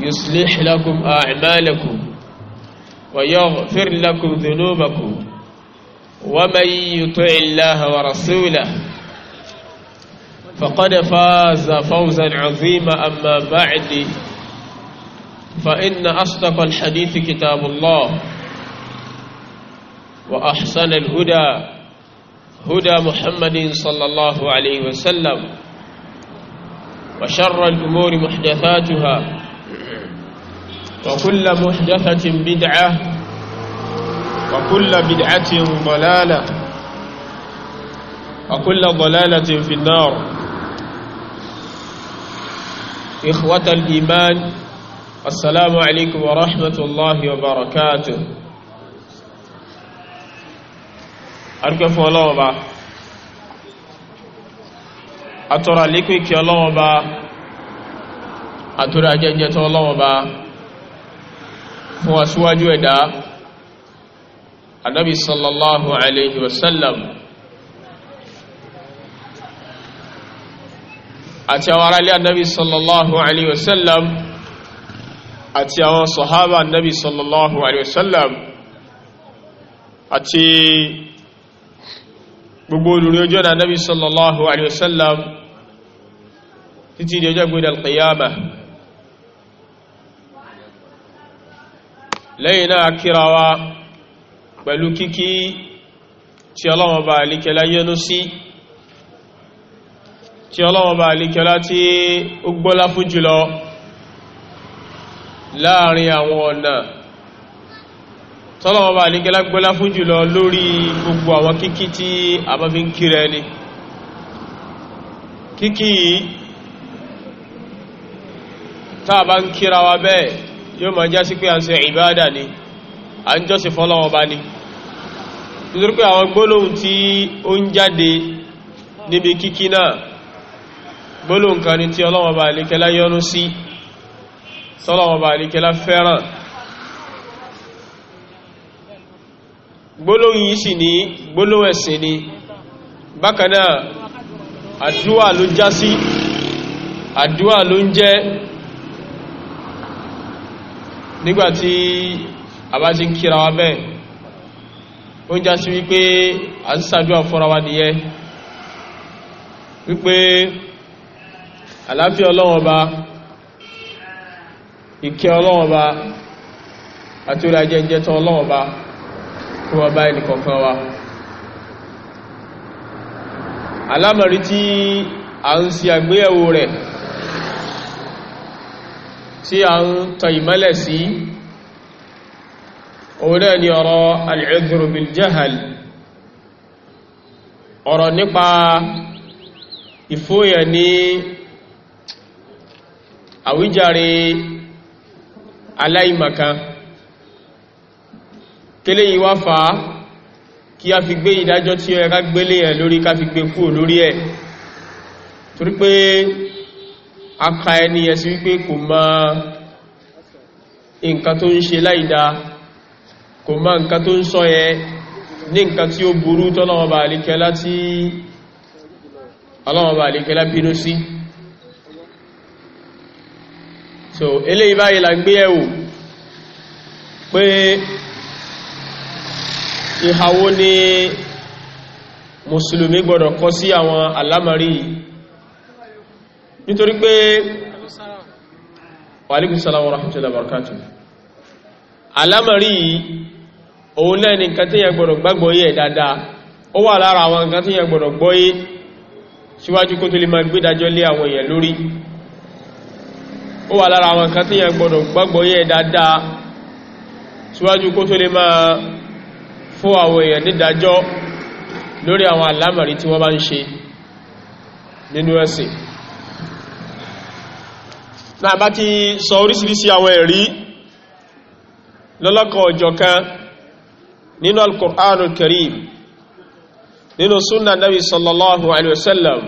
يصلح لكم أعمالكم ويغفر لكم ذنوبكم ومن يطع الله ورسوله فقد فاز فوزا عظيما أما بعد فإن أصدق الحديث كتاب الله وأحسن الهدى هدى محمد صلى الله عليه وسلم وشر الأمور محدثاتها وكل محدثة بدعة وكل بدعة ضلالة وكل ضلالة في النار إخوة الإيمان السلام عليكم ورحمة الله وبركاته أركف الله با أترى لكم كي الله با أترى جنجة الله با fún aṣíwájú ẹ̀dá anábi sallallahu alayhi wasallam àti àwọn aráalé anábi sallallahu alayhi wasallam àti àwọn sọ̀hábà anábi sallallahu alayhi wasallam àti gbogbo olùrí ojú ọ̀nà anábi sallallahu alayhi wasallam títí di ọjọ́ gbé dal qiyamah lẹ́yìn náà kíra wa pẹ̀lú kíkí tí ọlọ́wọ́n bá alikẹ́lá yẹnu sí tí ọlọ́wọ́n bá alikẹ́lá tí ó gbọ́lá fún jùlọ láàrin àwọn ọ̀nà tọ́lọ́wọ́n bá alikẹ́lá gbọ́lá fún jùlọ lórí gbogbo àwọn kíkí tí a bá fi ń kíra ẹni bá ń kíra wa bẹ́ẹ̀ yóò máa já sí pé à ń ṣe ìbáadà ni à ń jọ́sìn fọ́lọ́wọ́ bá ní nítorí pé àwọn gbólóhùn tí ó ń jáde níbi kíkí náà gbólóhùn kan ni tí ọlọ́wọ́ bá àlékẹ́lá yọ́nú sí tọ́lọ́wọ́ bá àlékẹ́lá fẹ́ràn gbólóhùn yìí sì ní gbólóhùn ẹ̀sìn ni bákan náà àdúà ló já sí àdúà ló ń jẹ́ nígbàtí àbá ti ń kíra wa bẹ́ẹ̀ ó já sí wípé à ń wa nìyẹn wípé àlàáfíà ọlọ́wọ́n ọba ìkẹ́ ọlọ́wọ́n ọba àti orí ajé ìjẹta ọlọ́wọ́n ọba kí wọ́n a ń àgbéyẹ̀wò rẹ̀ tí a ń tọ ìmọ́lẹ̀ sí òun náà ni ọ̀rọ̀ al-udhru bil jahl ọ̀rọ̀ nípa ìfóyẹ̀ ní àwíjàre aláìmọ̀ká kílé yìí wá fa kí a fi gbé ìdájọ́ tí ó yẹ gbélé ẹ̀ lórí ká fi gbé kúrò lórí ẹ̀ torí aka ẹni ẹ̀sí wípé kò mọ nǹkan tó ń ṣe láìdá kò mọ nǹkan tó ń sọ yẹ ní nǹkan tí ó burú tọ́lọ́wọ́ba àlékẹ́lá tí ọlọ́wọ́ba àlékẹ́lá bínú sí so eléyìí báyìí là ń gbé ẹ̀wò pé ìhàwó ni mùsùlùmí gbọ́dọ̀ kọ sí àwọn alámàrí yìí nítorí pé wàlíkù sálàmù rahmatullahi barakatu alámàrí òun náà ni nǹkan tí yẹn gbọ́dọ̀ gbàgbọ́ yẹ dáadáa ó wà lára àwọn nǹkan tí yẹn gbọ́dọ̀ gbọ́ yé síwájú kó tó lè máa gbédájọ́ lé àwọn èèyàn lórí ó wà lára àwọn nǹkan tí yẹn gbọ́dọ̀ gbàgbọ́ yẹ dáadáa síwájú kó tó lè máa fún àwọn èèyàn nídájọ́ lórí àwọn alámàrí tí wọ́n bá ń ṣe nínú ẹ̀sìn náà bá ti sọ orísìírísìí àwọn ẹ̀rí lọ́lọ́kọ̀ ọ̀jọ̀kan nínú al-Qur'anul Karim nínú súnnà nabi sallallahu alaihi wasallam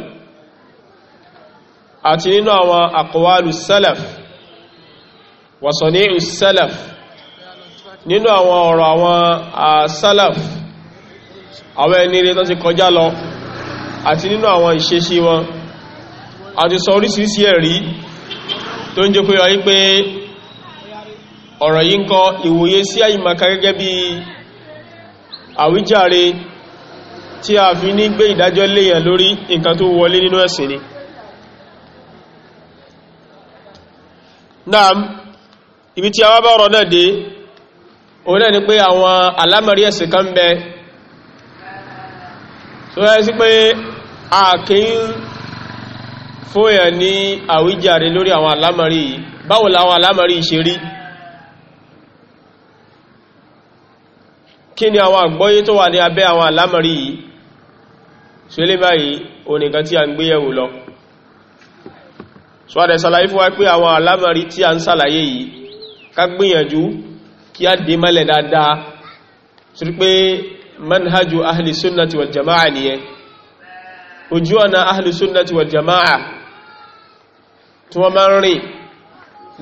àti nínú àwọn aqwalu salaf wa sani'u salaf nínú àwọn ọ̀rọ̀ àwọn salaf àwọn ẹni rere tó ti kọjá lọ àti nínú àwọn ìṣesí wọn àti sọ orísìírísìí ẹ̀rí tó ń jẹ́ kó yọ wípé ọ̀rọ̀ yìí ń kọ ìwòye sí àyímaka gẹ́gẹ́ bí àwíjàre tí a fi ní gbé ìdájọ́ léyàn lórí nǹkan tó wọlé nínú ẹ̀sìn ni naam ibi tí a wá bá ọ̀rọ̀ náà dé òun náà ni pé àwọn alámọ̀rí ẹ̀sìn kan bẹ tó yẹ sí pé a kìí fóyẹ̀ ní àwíjàre lórí àwọn alámọ̀rí yìí báwo láwọn alámọ̀rí ṣe rí kí ni àwọn àgbọ́yé tó wà ní abẹ́ àwọn alámọ̀rí yìí ṣe lé báyìí onìkan tí a ń gbéyẹ̀wò lọ so sàlàyé fún wa pé àwọn alámọ̀rí tí a ń sàlàyé yìí ká gbìyànjú kí a dé mẹ́lẹ̀ dáadáa sí pé manhajú ahli sunnati wal jama'a nìyẹn ojú ọ̀nà ahli sunnati wal jama'a tí wọ́n máa ń rìn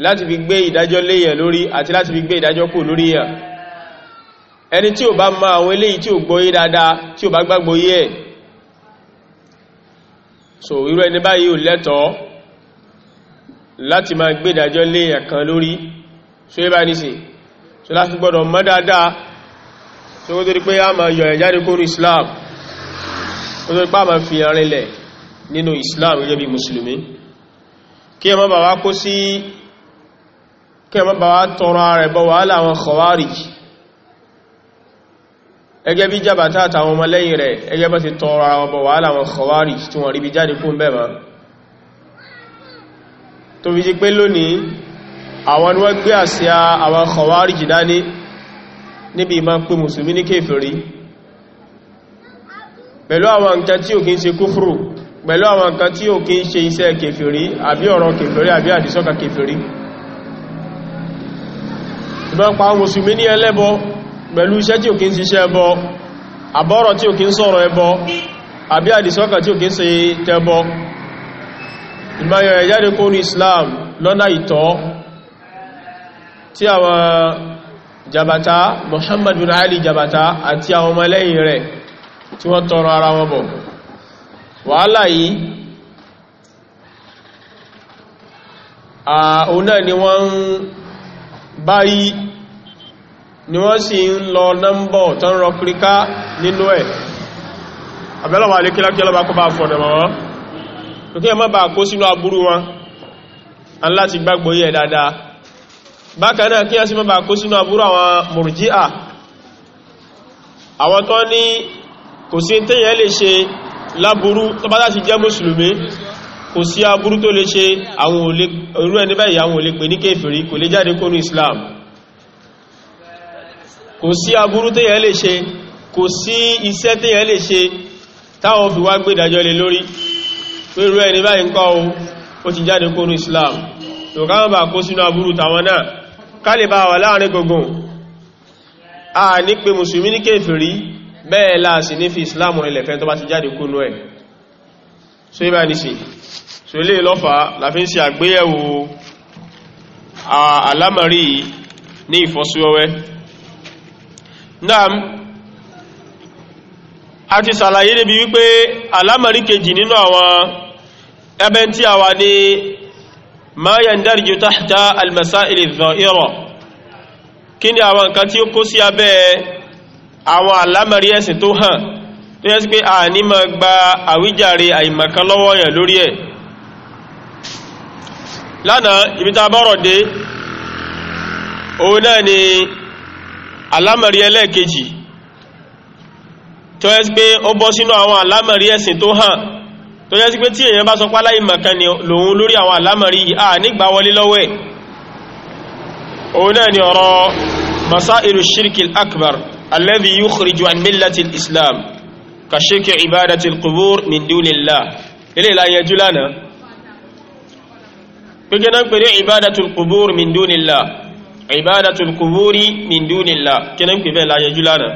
láti fi gbé ìdájọ́ léyàn lórí àti láti fi gbé ìdájọ́ kù lórí yàn ẹni tí ò bá ma àwọn eléyìí tí ò gbọ́yé dáadáa tí ò bá gbàgbọ́yé ẹ̀ so irú ẹni báyìí ò lẹ́tọ̀ọ́ láti máa gbé ìdájọ́ léyàn kan lórí so yẹ́ bá ní sí so láti gbọ́dọ̀ mọ̀ dáadáa so ó torí pé a máa yọ ẹ̀ kóró Islam ó torí pé a máa fi àrin lẹ̀ nínú Islam gẹ́gẹ́ bí mùsùlùmí kí ẹmọ́ bàbá kó sí kí ẹmọ́ bàbá tọrọ ààrẹ bọ́ wàhálà àwọn Khawarij ẹgẹ́ bí jàbátá àtàwọn ọmọlẹ́yìn rẹ̀ ẹgẹ́ bá ti tọrọ àwọn bọ̀ wàhálà àwọn Khawarij tí wọ́n rí bí jáde fún bẹ́ẹ̀ tó fi jí pé lónìí àwọn ni wọ́n gbé pẹ̀lú àwọn nǹkan tí ó kí ń ṣe iṣẹ́ kèfèrí àbí ọ̀rọ̀ kèfèrí àbí àdìsọ́kà kèfèrí ìbọn pa mùsùlùmí ní ẹlẹ́bọ pẹ̀lú iṣẹ́ tí ó kí ń ṣiṣẹ́ ẹbọ àbọ́rọ̀ tí ó kí ń sọ̀rọ̀ ẹbọ àbí àdìsọ́kà tí ó kí ń ṣe tẹbọ ìmáyọ̀ ẹ̀jáde kó ní Islam lọ́nà ìtọ́ tí àwọn jabata Muhammad Ali jabata àti àwọn ọmọ ẹlẹ́yìn rẹ̀ tí wọ́n tọrọ ara wọn bọ̀ wàhálà yìí òun náà ni wọ́n ń báyìí ni wọ́n sì ń lọ nọ́mbọ̀ tó ń rọ kíríká nínú ẹ̀ àbẹ́lọ́wà lè kílákí ọlọ́bà kó bá fọ̀nà mọ́ wọn kí ẹ má bàa kó sínú aburú wọn aláti gbàgbọ́ yẹ dáadáa bákan náà kí ẹ sì má bàa kó sínú aburú àwọn mùrùjíà àwọn tó ní kò sí téèyàn lè ṣe láburú tó bá láti jẹ́ mùsùlùmí kò sí aburú tó lè ṣe àwọn olè irú ẹni báyìí àwọn olè pè ní kéfèrí kò lè jáde kónú Islam kò sí aburú téèyàn lè ṣe kò sí iṣẹ́ téèyàn lè ṣe táwọn fi wá gbé ìdájọ́ lé lórí irú ẹni báyìí ńkọ́ o ó ti jáde kónú Islam tòkáwọn bá kó sínú aburú tàwọn náà ká lè bá wà láàrin gbogbo à bẹ́ẹ̀ láàsì ní fi islam rẹ̀ fẹ́ tó bá ti jáde kúnú ẹ̀ so ibá ní sí so ilé lọ́fà láfi ń ṣe àgbéyẹ̀wò alámàrí ní ìfọ́síwọ́wẹ́ náà a ti sàlàyé níbi wípé alámàrí kejì nínú àwọn ẹbẹ́ tí a wà ní ma yandarju tahta almasail adh kí ni àwọn nǹkan tí ó kó sí abẹ́ àwọn alamari ẹ̀sìn tó hàn tó yẹ́ sí pé a ma gba àwíjàre àìmọ̀kan lọ́wọ́ yẹn lórí ẹ̀ lánàá ibi bọ́rọ̀ dé òun náà ni àlámẹ̀rí ẹlẹ́ẹ̀kejì tó yẹ́ sí pé ó bọ́ sínú àwọn àlámẹ̀rí ẹ̀sìn tó hàn tó yẹ́ sí pé tí èèyàn ni lòun lórí àwọn wọlé lọ́wọ́ ẹ̀ òun náà ni ọ̀rọ̀ alladhi yukhriju an millati islam ka shirki ibadati al-qubur min dunillah ilé ìlàyé jùlánà pẹ́gẹ́ náà pẹ̀lú ibadati al-qubur min dunillah ibadati al-qubur min dunillah kí náà pẹ̀lú ìlàyé jùlánà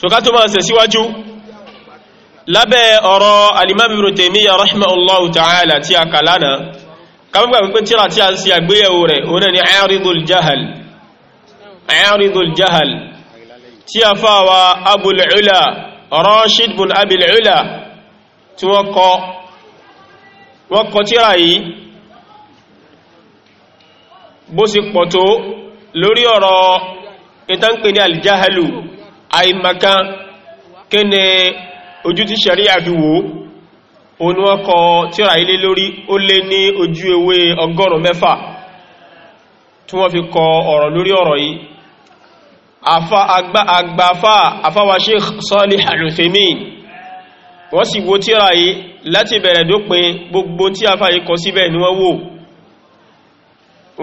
so ká tó máa ṣe síwájú lábẹ́ ọ̀rọ̀ alimami ibn Taymiyyah rahimahullahu ta'ala tí a kàlánà kàbígbà pípẹ́ tíra tí a ń ṣe àgbéyẹ̀wò rẹ̀ òun náà ni a'ridul jahal a'ridul jahal tí a fà wa abúlùlá rashid bin abúlùlá tí wọ́n kọ wọ́n kọ tírà yìí bó sì pọ̀ tó lórí ọ̀rọ̀ ìtànkè ní alìjáhálù àìmàkan kí ni ojú tí ṣàríà fi wò ó ní wọ́n kọ tírà ilé lórí ó lé ní ojú ewé ọgọ́rùn mẹ́fà tí wọ́n fi kọ ọ̀rọ̀ lórí ọ̀rọ̀ yìí àgbàfà àfáwà Sheikh Salih Al-Uthaymeen wọ́n sì wo tírà yìí láti bẹ̀rẹ̀ dópin gbogbo tí àfá yìí kọ síbẹ̀ ni wọ́n wò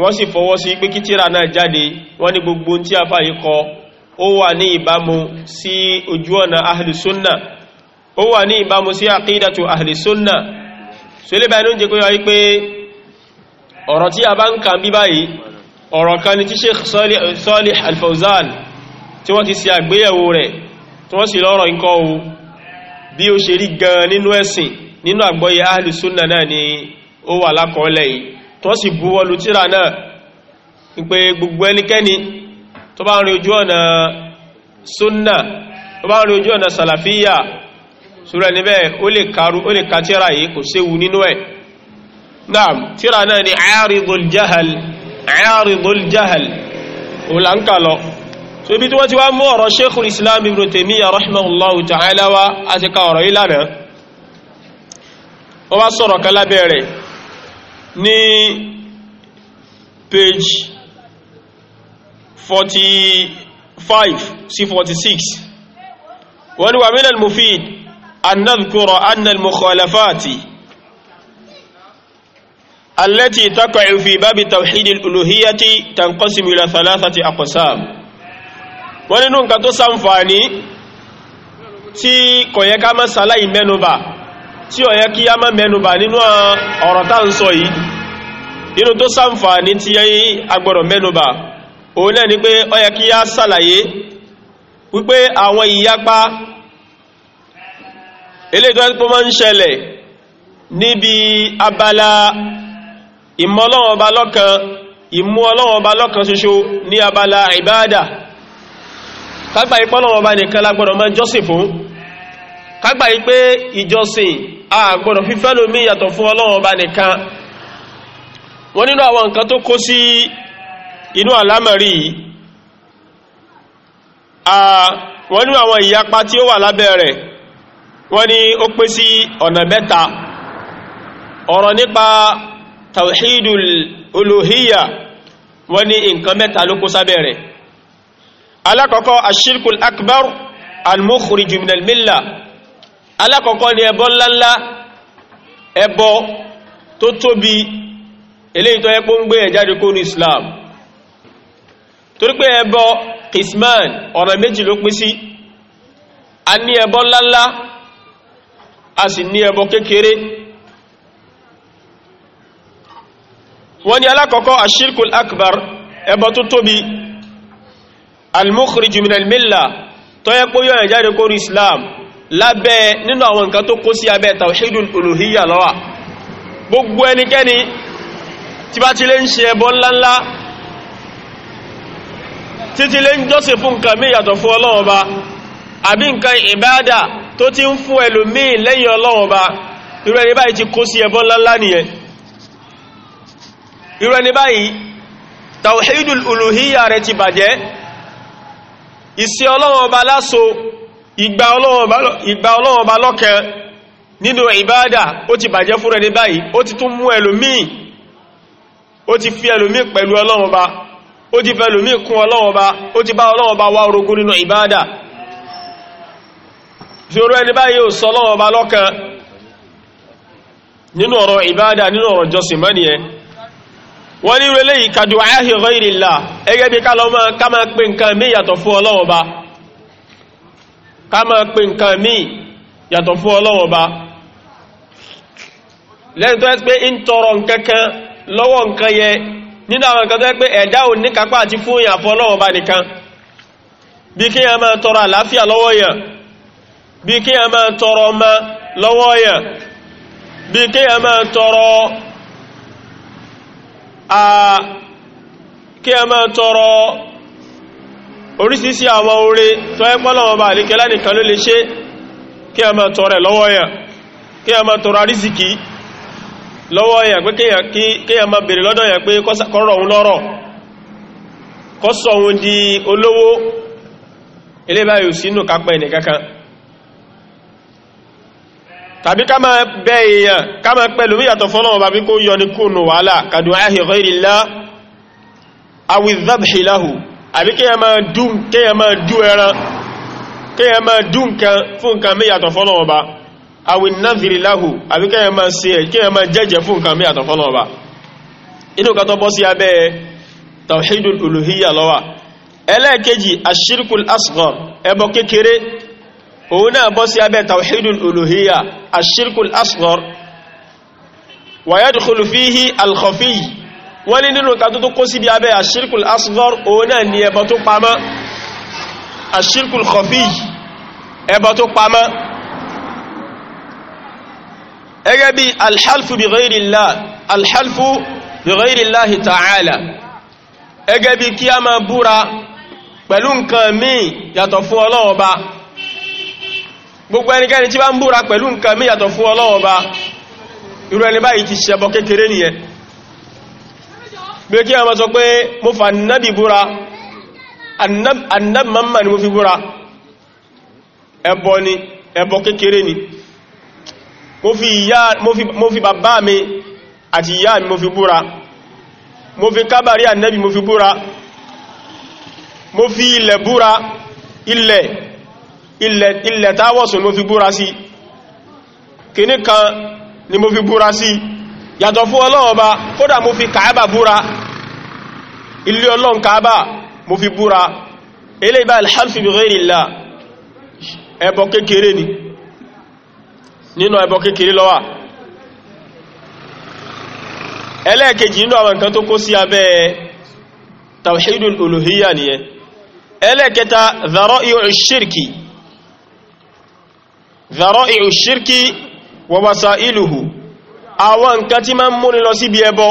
wọ́n sì fọwọ́ sí pé kí tírà náà jáde wọ́n ní gbogbo tí àfá yìí kọ ó wà ní ìbámu sí ojú ọ̀nà ahli sunnah ó wà ní ìbámu sí aqidatu ahli sólébà inú jẹ́ pé wáyé pé ọ̀rọ̀ tí a bá ń kàn bí báyìí ọ̀rọ̀ kan ni tí Sheikh Salih al tí wọ́n ti ṣe àgbéyẹ̀wò rẹ̀ tí wọ́n sì lọ́rọ̀ nǹkan o bí ó ṣe rí gan nínú ẹ̀sìn nínú àgbọ́yé ahlu sunna náà ni ó wà lákọọ́lẹ̀ yìí tí wọ́n sì buwọ́lu tírà náà pé gbogbo ẹnikẹ́ni tó bá rí ojú ọ̀nà sunna tó bá rí ojú ọ̀nà sàlàfíyà sùrẹ̀ níbẹ̀ ó lè ka tírà yìí kò séwu nínú ẹ̀ náà tírà náà ni aaridul jahal òun là ń kà lọ so ibi tí wọ́n ti wá mú ọ̀rọ̀ sheikhul islam ibn taymiyyah rahimahullahu ta'ala wa a ti ka ọ̀rọ̀ yìí wọ́n wá sọ̀rọ̀ kan lábẹ́ ní page 45 sí 46 wọ́n ni wà min al-mufid an nadhkura anna mukhalafati التي تقع في باب توحيد الألوهية تنقسم إلى ثلاثة أقسام wọ́n nínú nǹkan tó sàǹfààní tí kò yẹ ká má sàláì mẹ́nubà tí ó kí a má mẹ́nubà nínú ọ̀rọ̀ tá ń sọ yìí nínú tó sàǹfààní tí agbọ̀rọ̀ mẹ́nubà òun náà ni pé ó yẹ kí a sàlàyé wípé àwọn ìyapa eléyìí tó máa ń ṣẹlẹ̀ níbi abala ìmọ̀ Ọlọ́run ọba lọ́kan ìmú Ọlọ́run ọba lọ́kan ṣoṣo ní abala ìbáadà kágbà yí pọ́lọ́wọ́ bá nìkan lágbọ́dọ̀ máa jọ́sìn fún kágbà yí pé ìjọsìn àgbọ́dọ̀ fífẹ́ lómi yàtọ̀ fún Ọlọ́run bá nìkan wọ́n nínú àwọn nǹkan tó kó sí inú àlámọ̀rí wọ́n nínú àwọn ìyapa tí ó wà lábẹ́ rẹ̀ wọ́n ní ó tawhidul uluhiyya wọ́n ní nǹkan mẹ́ta alákọ̀ọ́kọ́ ashirkul akbar al-mukhriju minal milla alákọ̀ọ́kọ́ ni ẹbọ ńláńlá ẹbọ tó tóbi eléyìí tó yẹ kó ń gbé ẹ̀ jáde kó ní islam torí pé ẹbọ qisman ọ̀nà méjì ló pín sí a ní ẹbọ ńláńlá a sì ní ẹbọ kékeré wọ́n ní alákọ̀ọ́kọ́ ashirkul akbar ẹbọ tó tóbi al-mukhriju min al-milla tó yẹ kó yọ̀yàn jáde kó islam lábẹ́ nínú àwọn nǹkan tó kó sí abẹ́ tawhidul uluhiyya lọ́wà gbogbo ẹnikẹ́ni tí bá ti lè ń ṣe ẹbọ ńláńlá títí lè ń jọ́sìn fún nǹkan mí yàtọ̀ fún Ọlọ́run Ọba àbí nǹkan ìbáadà tó ti ń fún ẹlòmíì lẹ́yìn Ọlọ́run Ọba irú ẹni báyìí ti kó sí ẹbọ ńláńlá nìyẹn irú ẹni báyìí tawhidul uluhiyya rẹ̀ ti bàjẹ́ ìsìn ọlọ́wọ́n ọba láso ìgbà ọlọ́wọ́n ọba lọ́kan nínú ìbáadà ó ti bàjẹ́ fún ẹni báyìí ó ti tún mú ẹlòmíì ó ti fi ẹlòmíì pẹ̀lú ọlọ́wọ́n ọba ó ti fẹ́ ẹlòmíì kún ọlọ́wọ́n ọba ó ti bá ọlọ́wọ́n ọba wọ́n ní rẹ̀lẹ́ yìí kàdù àyàhì rẹ̀rìnlá ẹgẹ́ bí ká lọ máa ká máa pè nǹkan mí yàtọ̀ fún Ọlọ́run Ọba ká máa pè nǹkan mí yàtọ̀ fún Ọlọ́run Ọba lẹ́yìn tó ẹ́ pé ń tọrọ nǹkankan lọ́wọ́ nǹkan yẹ nínú àwọn nǹkan tó ẹ́ pé ẹ̀dá ò ní kápá àti fún yàn fún Ọlọ́run Ọba nìkan bí kí yàn máa tọrọ àlàáfíà lọ́wọ́ yàn bí kí yàn máa tọrọ ọmọ lọ́wọ́ yàn bí kí yàn máa tọrọ a kí a máa tọrọ orísìírísìí àwọn oore tó ẹ́ pọ́lọ̀wọ́ bá àríkẹ́ lánìkan ló lè ṣe kí a máa tọrọ ẹ̀ lọ́wọ́ yà kí a máa tọrọ àrísìkí lọ́wọ́ yà pé kí máa bèèrè lọ́dọ̀ pé kọ́rọ̀ lọ́rọ̀ kọ́sọ̀ di olówó ilé báyìí sínú kápẹ́ tàbí ká máa bẹ èèyàn ká máa pẹ̀lú yàtọ̀ fọ́lọ́wọ́ bàbí kó yọ ní kúnnù wàhálà kàdùnmáhì rẹ̀rìlá awìzábìláhù àbí kí ẹ máa dú ẹran kí ẹ máa dú nǹkan fún nǹkan mí yàtọ̀ fọ́lọ́wọ́ bá awìnáfìláhù àbí kí ẹ máa ṣe fún nǹkan mí fọ́lọ́wọ́ bá inú kan tawhidul uluhiyya ló wà ẹlẹ́ẹ̀kejì ashirkul asghar ẹbọ kékeré òun náà bọ́ sí abẹ́ tawhidul uluhiyya ashirkul asghar wa yadkhulu fihi al-khafi wọ́n ní nínú kan tó tó kó sí bí abẹ́ ashirkul asghar òun náà ni ẹbọ tó pamọ́ ashirkul khafi ẹbọ tó pamọ́ ẹgẹ́ bí alhalfu bi ghayrillah alhalfu bi ghayrillahi ta'ala ẹgẹ́ bí kí a máa búra pẹ̀lú nǹkan míì yàtọ̀ fún Ọlọ́run gbogbo ẹnikẹ́ni tí bá ń búra pẹ̀lú nǹkan mí yàtọ̀ fún Ọlọ́run Ọba irú ẹni báyìí ti ṣẹbọ kékeré nìyẹn bí kí a máa sọ pé mo fà nábì búra annab mamma ni mo fi búra ẹbọ ni ẹbọ kékeré ni mo fi bàbá mi àti ìyá mi mo fi búra mo fi kábàrí annabi mo fi búra mo fi ilẹ̀ búra ilẹ̀ ilẹ̀ táwọ̀sùn mo fi búra sí kìní kan ni mo fi búra sí yàtọ̀ fún Ọlọ́run Ọba kódà mo fi kàábà búra ilé Ọlọ́run kàábà mo fi búra ilé ibá alhamsi bi ghairi Allah ẹbọ kékeré ni nínú ẹbọ kékeré lọ́wà ẹlẹ́ẹ̀kejì nínú àwọn nǹkan tó kó sí abẹ́ tawhidul uluhiyya nìyẹn ẹlẹ́ẹ̀kẹta dhara'u shirki dhara'i'u shirki wa wasailuhu àwọn nǹkan tí ma ń múni lọ síbi ẹbọ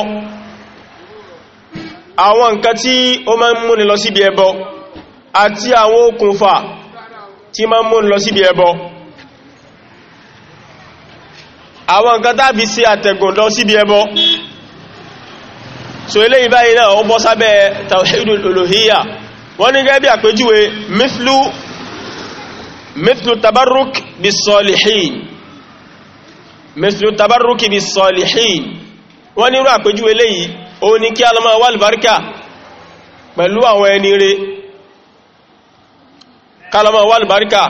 àwọn nǹkan tí ó ma ń múni lọ síbi ẹbọ àti àwọn okùnfà tí ma ń múni lọ síbi ẹbọ àwọn nǹkan tàbí sí àtẹ̀gùn lọ síbi ẹbọ so eléyìí báyìí náà ó bọ́ sábẹ́ tawhidul uluhiyya wọ́n ní gẹ́gẹ́ bí àpèjúwe mithlu mithlu tabarruk bis-salihin mithlu tabarruk bis-salihin wọ́n ní irú àpèjúwe léyìí ó ní kí alọ́mọ wà lùbáríkà pẹ̀lú àwọn ẹni rẹ̀ kálọ́mọ wà lùbáríkà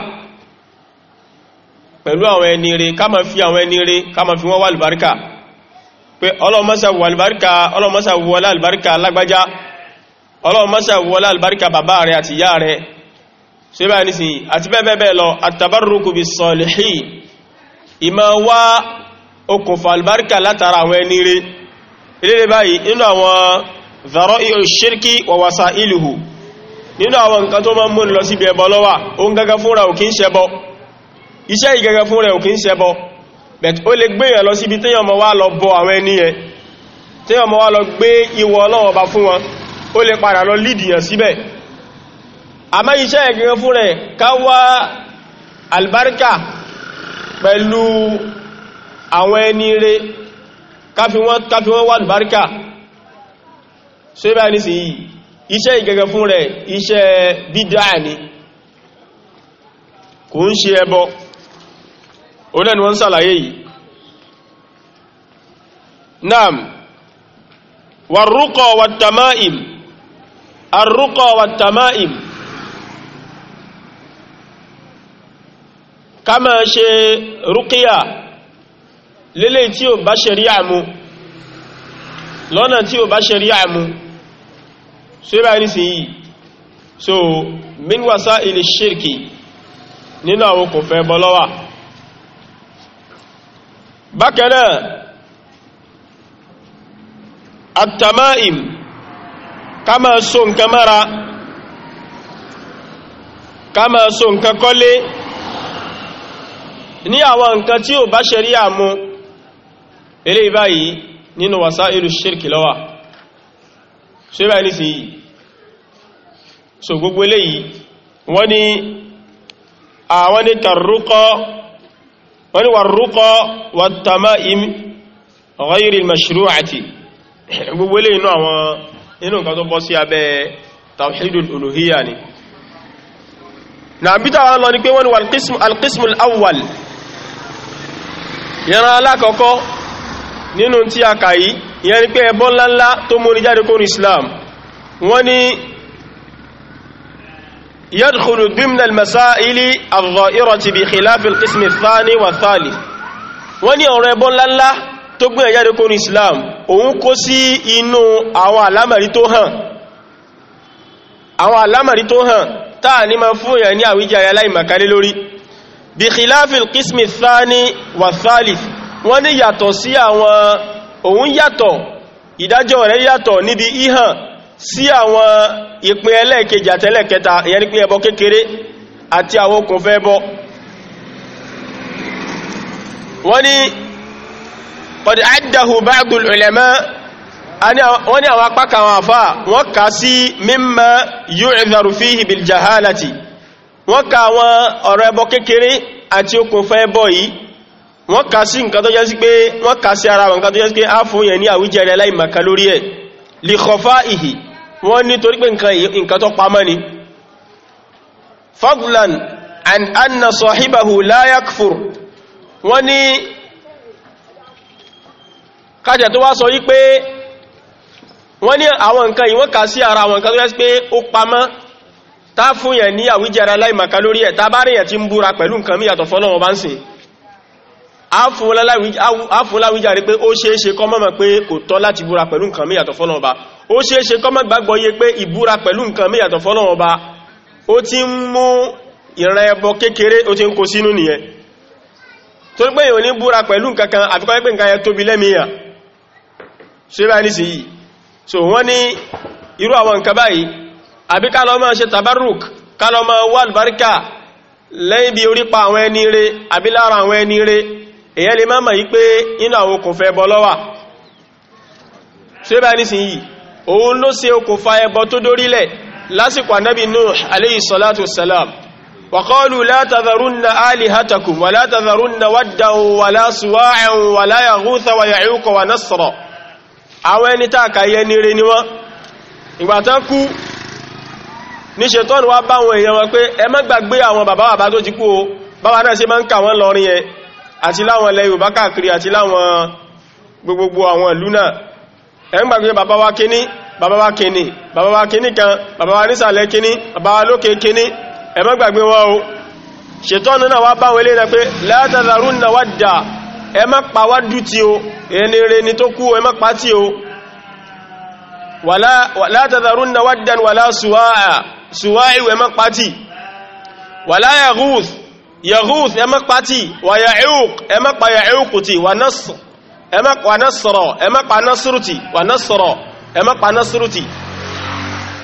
pẹ̀lú àwọn ẹni rẹ̀ ká ma fi àwọn ẹni rẹ̀ ká ma fi wọ́n wà lùbáríkà pé ọlọ́mọsà wọ alùbáríkà ọlọ́mọsà wọlá alùbáríkà lágbájá ọlọ́mọsà wọlá alùbáríkà bàbá rẹ̀ àti ìyá rẹ̀ ṣe bá ní sí àti bẹ́ẹ̀bẹ́ẹ̀ lọ àtàbárùkù bí sọ̀lẹ̀hì ìmọ̀ wá okùnfà albáríkà látara àwọn ẹni rí ilé báyìí nínú àwọn zọ̀rọ̀ ìṣirkí wàwàsá ìlúhù nínú àwọn nǹkan tó máa múni lọ sí ibi ẹbọ lọ́wà ó ń gaga fúnra ò kí ń ṣẹbọ iṣẹ́ yìí gaga fúnra ò kí ń ṣẹbọ bẹ̀t ó lè gbéyàn lọ síbi téèyàn mọ̀ wá lọ bọ àwọn ẹni yẹn téèyàn mọ̀ wá lọ gbé ìwọ ọlọ́wọ̀ bá fún wọn ó lè padà lọ lídìyàn síbẹ̀ àmá iṣẹ́ ẹ̀gẹ̀gẹ̀ fún rẹ̀ ká wá albarka pẹ̀lú àwọn ẹni rẹ̀ káfí wọ́n wá albarka ṣe bá ní sí yìí iṣẹ́ ìgẹ̀gẹ̀ fún rẹ̀ iṣẹ́ bídá ni kò ń ṣe ẹbọ olẹ́ni wọ́n sàlàyé yìí naam wàrúkọ wàtàmáìm ká máa ṣe rúkíyà lélẹ̀ tí ò bá ṣẹ̀ríà mu lọ́nà tí ò bá ṣẹ̀ríà mu so bá ní sí yìí so min wasa'il shirki nínú àwọn kò fẹ́ bọ́lọ́wà bákan náà àtàmáìm ká máa so nǹkan mára ká máa so nǹkan kọ́lé ní àwọn nǹkan tí ò bá ṣẹ̀ríà mu eléyìí báyìí nínú wasailu ṣírkì ló wà ṣe bá ní sí so gbogbo eléyìí wọ́n ni àwọn ni kàrúkọ wọ́n ni wàrúkọ wat-tama'im ghayril mashru'ati gbogbo eléyìí inú àwọn inú nǹkan tó bọ́ sí abẹ́ tawhidul uluhiyya ni ìran alákọ̀ọ́kọ́ nínú tí a kà yìí ìyẹn ni pé ẹbọ ńláńlá tó múni jáde kó ní Islam wọ́n ni yadkhulu dimna al-masaili adh-dha'irati bi khilaf al-qism ath-thani wa ath-thalith wọ́n ni ọ̀rọ̀ ẹbọ ńláńlá tó gbé ẹ̀jáde kó ní Islam òun kó sí inú àwọn àlámẹ̀rí tó hàn àwọn àlámẹ̀rí tó hàn táà ní ma fún èèyàn ní àwíjẹ́ ayálá ìmàkalé lórí bí khilafil qismi thani wa thalith wọ́n ní yàtọ̀ sí àwọn òun yàtọ̀ ìdájọ́ rẹ̀ yàtọ̀ níbi ìhàn sí àwọn ìpín ẹlẹ́ẹ̀kejì àtẹ́lẹ̀kẹta ìyẹn ni pín ẹbọ kékeré àti àwọn okùn fẹ́ bọ́ wọ́n ní qad addahu ba'dul ulama wọ́n ní àwọn apákan àwọn àfáà wọ́n kà sí mimma yu'dharu fihi bil jahalati wọ́n ka àwọn ọ̀rọ̀ ẹbọ kékeré àti okùnfà ẹbọ yìí wọ́n ka sí nǹkan tó jẹ́ sí pé wọ́n ka sí ara wọn nǹkan tó jẹ́ sí pé á fún yẹn ní àwíjẹrẹ láìmọ̀ká lórí ẹ̀ lè kọfá ìhì wọ́n ní torí pé nǹkan tó pamọ́ ni fadlan an anna sahibahu la yakfur wọ́n ní kájà tó wá sọ yí pé wọ́n ní àwọn nǹkan yìí wọ́n ka sí ara wọn nǹkan tó jẹ́ sí pé ó pamọ́ tá fún yẹn ní àwíjẹra láìmàká lórí ẹ̀ tá bá rí yẹn tí ń búra pẹ̀lú nǹkan míyàtọ̀ fọ́lọ́wọ́ bá ń sìn áfúnláwíjàre pé ó ṣe é ṣe kọ́mọ́ mọ̀ pé kò tọ́ láti búra pẹ̀lú nǹkan míyàtọ̀ fọ́lọ́wọ́ bá ó ṣe é ṣe kọ́mọ́ gbàgbọ́ yé pé ìbúra pẹ̀lú nǹkan míyàtọ̀ fọ́lọ́wọ́ bá ó ti ń mú ìran ẹbọ kékeré so wọ́n ní irú àbí ká lọ máa ṣe tabarruk ká lọ máa wà albarka lẹ́yìn bí orípa àwọn ẹni rẹ̀ àbí lára àwọn ẹni rẹ̀ èyẹ́ lè máa mọ̀ yí pé inú àwọn okùnfẹ́ ẹbọ lọ́wà ṣe bá nísìnyí òun ló ṣe okùnfà ẹbọ tó dórílẹ̀ lásìkò anábì Nuh alayhi salatu wassalam wa qalu àwọn ẹni tàkà yẹ ni rẹ̀ ni wọ́n ìgbàtán kú ní ṣetán wá bá àwọn èèyàn wọn pé ẹ má gbàgbé àwọn bàbá bàbá tó ti kú o bàbá náà ṣe máa ń kà wọ́n lọ́rin yẹn àti láwọn ilẹ̀ Yorùbá káàkiri àti láwọn gbogbogbò àwọn ìlú náà ẹ ń gbàgbé bàbá wa kíní bàbá wa kíní bàbá wa kíní kan bàbá wa nísàlẹ̀ kíní bàbá wa wá bá pa wá dú ti o ẹni rẹ ni tó kú ẹ má pa ti wàlá látàzàrún náà wàlá sùwáà Suwa'i ẹmọ́ pàtì wala Yaghuth Yaghuth ẹmọ́ pàtì wà Ya'uq ẹmọ́ pa Ya'uq ti wà Nasr ẹmọ́ pa Nasr ẹmọ́ pa Nasr ti wà Nasr ẹmọ́ pa Nasr ti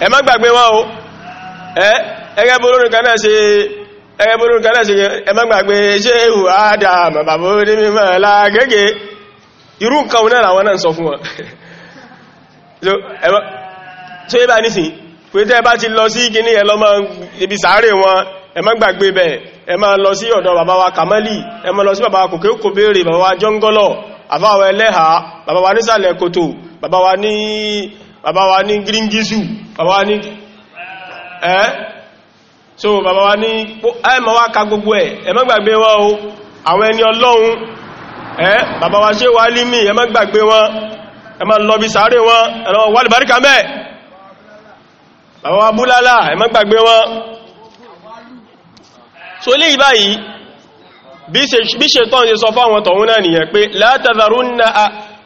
ẹmọ́ gbàgbé wọn o ẹgẹ́ bolórin kan náà ṣe ẹgẹ́ bolórin kan náà ṣe ẹmọ́ gbàgbé ṣe ihu Adam bàbá orí mímọ̀ lágẹ́gẹ́ irú nǹkan pé tẹ́ bá ti lọ sí kíní ẹ lọ máa ibi sàárè wọn ẹ má gbàgbé bẹ̀ ẹ má lọ sí ọ̀dọ̀ bàbá wa kàmálì ẹ má lọ sí bàbá wa kòkè kò béèrè bàbá wa jọ́ngọ́lọ̀ àbáwa ẹlẹ́hà bàbá wa nísàlẹ̀ kòtò bàbá wa ní bàbá wa ní gíríngísù bàbá wa ní ẹ́ so bàbá wa ní ẹ má wá ka gbogbo ẹ̀ ẹ má gbàgbé wọn o àwọn ẹni ọlọ́run ẹ́ bàbá wa ṣe wálímì ẹ má gbàgbé wọn ẹ má lọ àwọn abúlálà ẹ̀mọ́ gbàgbé wọn so lè báyìí bí ṣetán ṣe sọ fáwọn tọ̀hún náà nìyẹn pé látàzàrúnna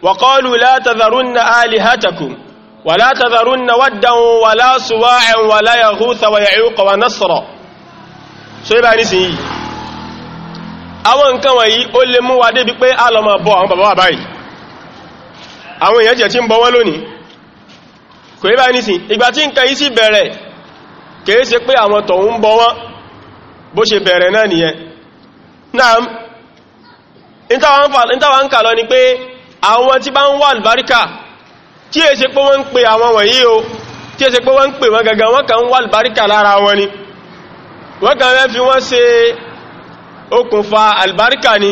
wàkọ́lù látàzàrúnna alihatakum wà látàzàrúnna waddan wà lásùwá'ẹn wà láyàhúta wà ya'uqa wà nasra so ibá nísìnyí àwọn èèyàn jẹ́ tí ń bọ́ lónìí kò yíba nísìn ìgbà tí nǹkan yìí sì bẹ̀rẹ̀ kìí ṣe pé àwọn tọ̀hún bọ́ wọ́n bó ṣe bẹ̀rẹ̀ náà nìyẹn náà ìtawà ń kà lọ ni pé àwọn tí bá ń wà albáríkà tí è ṣe pé wọ́n ń pè àwọn wọ̀nyí o tí è ṣe pé wọ́n pè wọ́n gangan wọ́n kàn ń wà albáríkà lára wọn ni wọ́n kàn fẹ́ fi wọ́n ṣe okùnfà albáríkà ni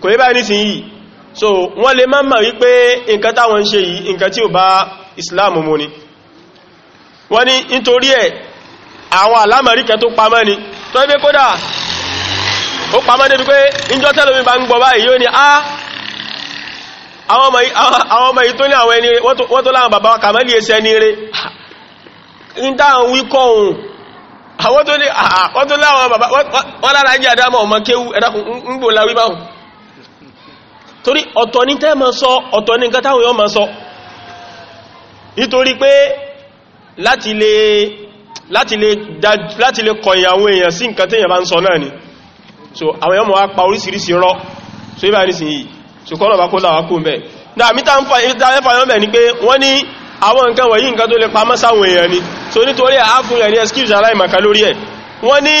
kò yíba nísìn yìí so wọ́n lè má mọ̀ wípé nǹkan táwọn ń ṣe yìí nǹkan tí ò bá islam mú ni wọ́n ní nítorí ẹ̀ àwọn alámàríkẹ tó pamọ́ ni tó ẹgbẹ́ kódà ó pamọ́ débi pé ìjọ tẹ́lómi bá ń gbọ́ báyìí yóò ní á àwọn ọmọ yìí ní àwọn ẹni wọ́n tó láwọn bàbá kàmẹ́lì ẹsẹ̀ ní eré nítorí pé láti lè láti lè láti lè kọ ìyàwó èèyàn sí nǹkan téèyàn bá ń sọ náà ni so àwọn èèyàn mọ̀ wá pa orísìírísìí rọ́ so ibà ní sìn yìí so kọ́nà bá kó láwá kó mẹ́ náà mítà ń fàyọ́ mẹ́ ni pé wọ́n ní àwọn nǹkan wọ̀nyí nǹkan tó lè pamọ́ sáwọn èèyàn ni so nítorí àáfún ẹ̀ ní excuse aláìmọ̀ká lórí ẹ̀ wọ́n ní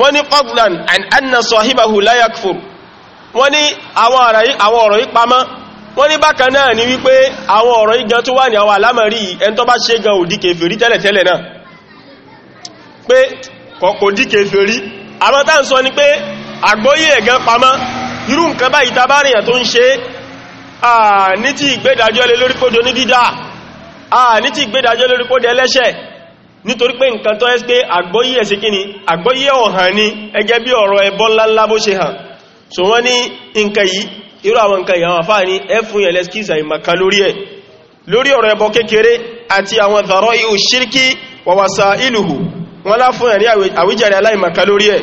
wọ́n ní qadlan an anna sahibahu la yakfur wọ́n ní àwọn ọ̀rọ̀ yìí pamọ́ wọ́n ní bákan náà ni wípé àwọn ọ̀rọ̀ igan tó wà ní àwọn alámọ̀rí ẹn tó bá ṣe gan òdí kèfèrí tẹ́lẹ̀tẹ́lẹ̀ náà pé kò dí kèfèrí àwọn tá ń sọ ni pé àgbóyé ẹ̀gan pamọ́ irú nǹkan báyìí ta bá rìnyàn tó ń ṣe ní ti ìgbédàjọ́ lé lórí so wọ́n ní irú àwọn nǹkan ìyàwó àfáà ní ẹfún yẹn lẹ́skísà ìmọ̀kan lórí ẹ̀ lórí ọ̀rọ̀ ẹbọ kékeré àti àwọn ìfàrọ̀ ihò ṣíríkí wàwàsà ìlúhù wọ́n láfún ẹ̀ ní àwíjẹ̀rẹ̀ aláìmọ̀kan lórí ẹ̀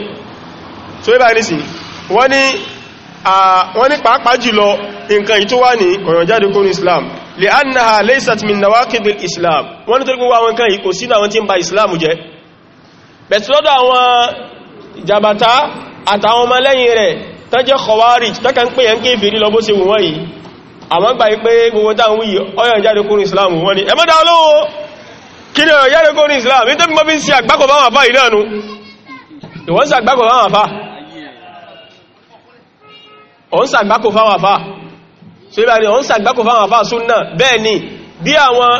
tó Islam lè annaha laysat min nawaqid islam wọ́n ní tó gbogbo àwọn Islam jẹ́ bẹ̀tì lọ́dọ̀ àwọn jàbàtà àtàwọn ọmọ tán jẹ́ khawarij tán kàn pé yẹn kéfèrí lọ bó ṣe wọ́n yìí àwọn gbà pé gbogbo táwọn yìí ọyàn jáde kúrò islam wọ́n ni ẹmọ́dá olówó kí ni ọyàn jáde kúrò islam ní tó bí mọ́ fi ń ṣe àgbákọ̀ báwọn àfá ìdánu ìwọ́n ṣàgbákọ̀ fáwọn àfá òun ṣàgbákọ̀ fáwọn àfá so ibà ni òun ṣàgbákọ̀ fáwọn àfá súnnà bẹ́ẹ̀ ni bí àwọn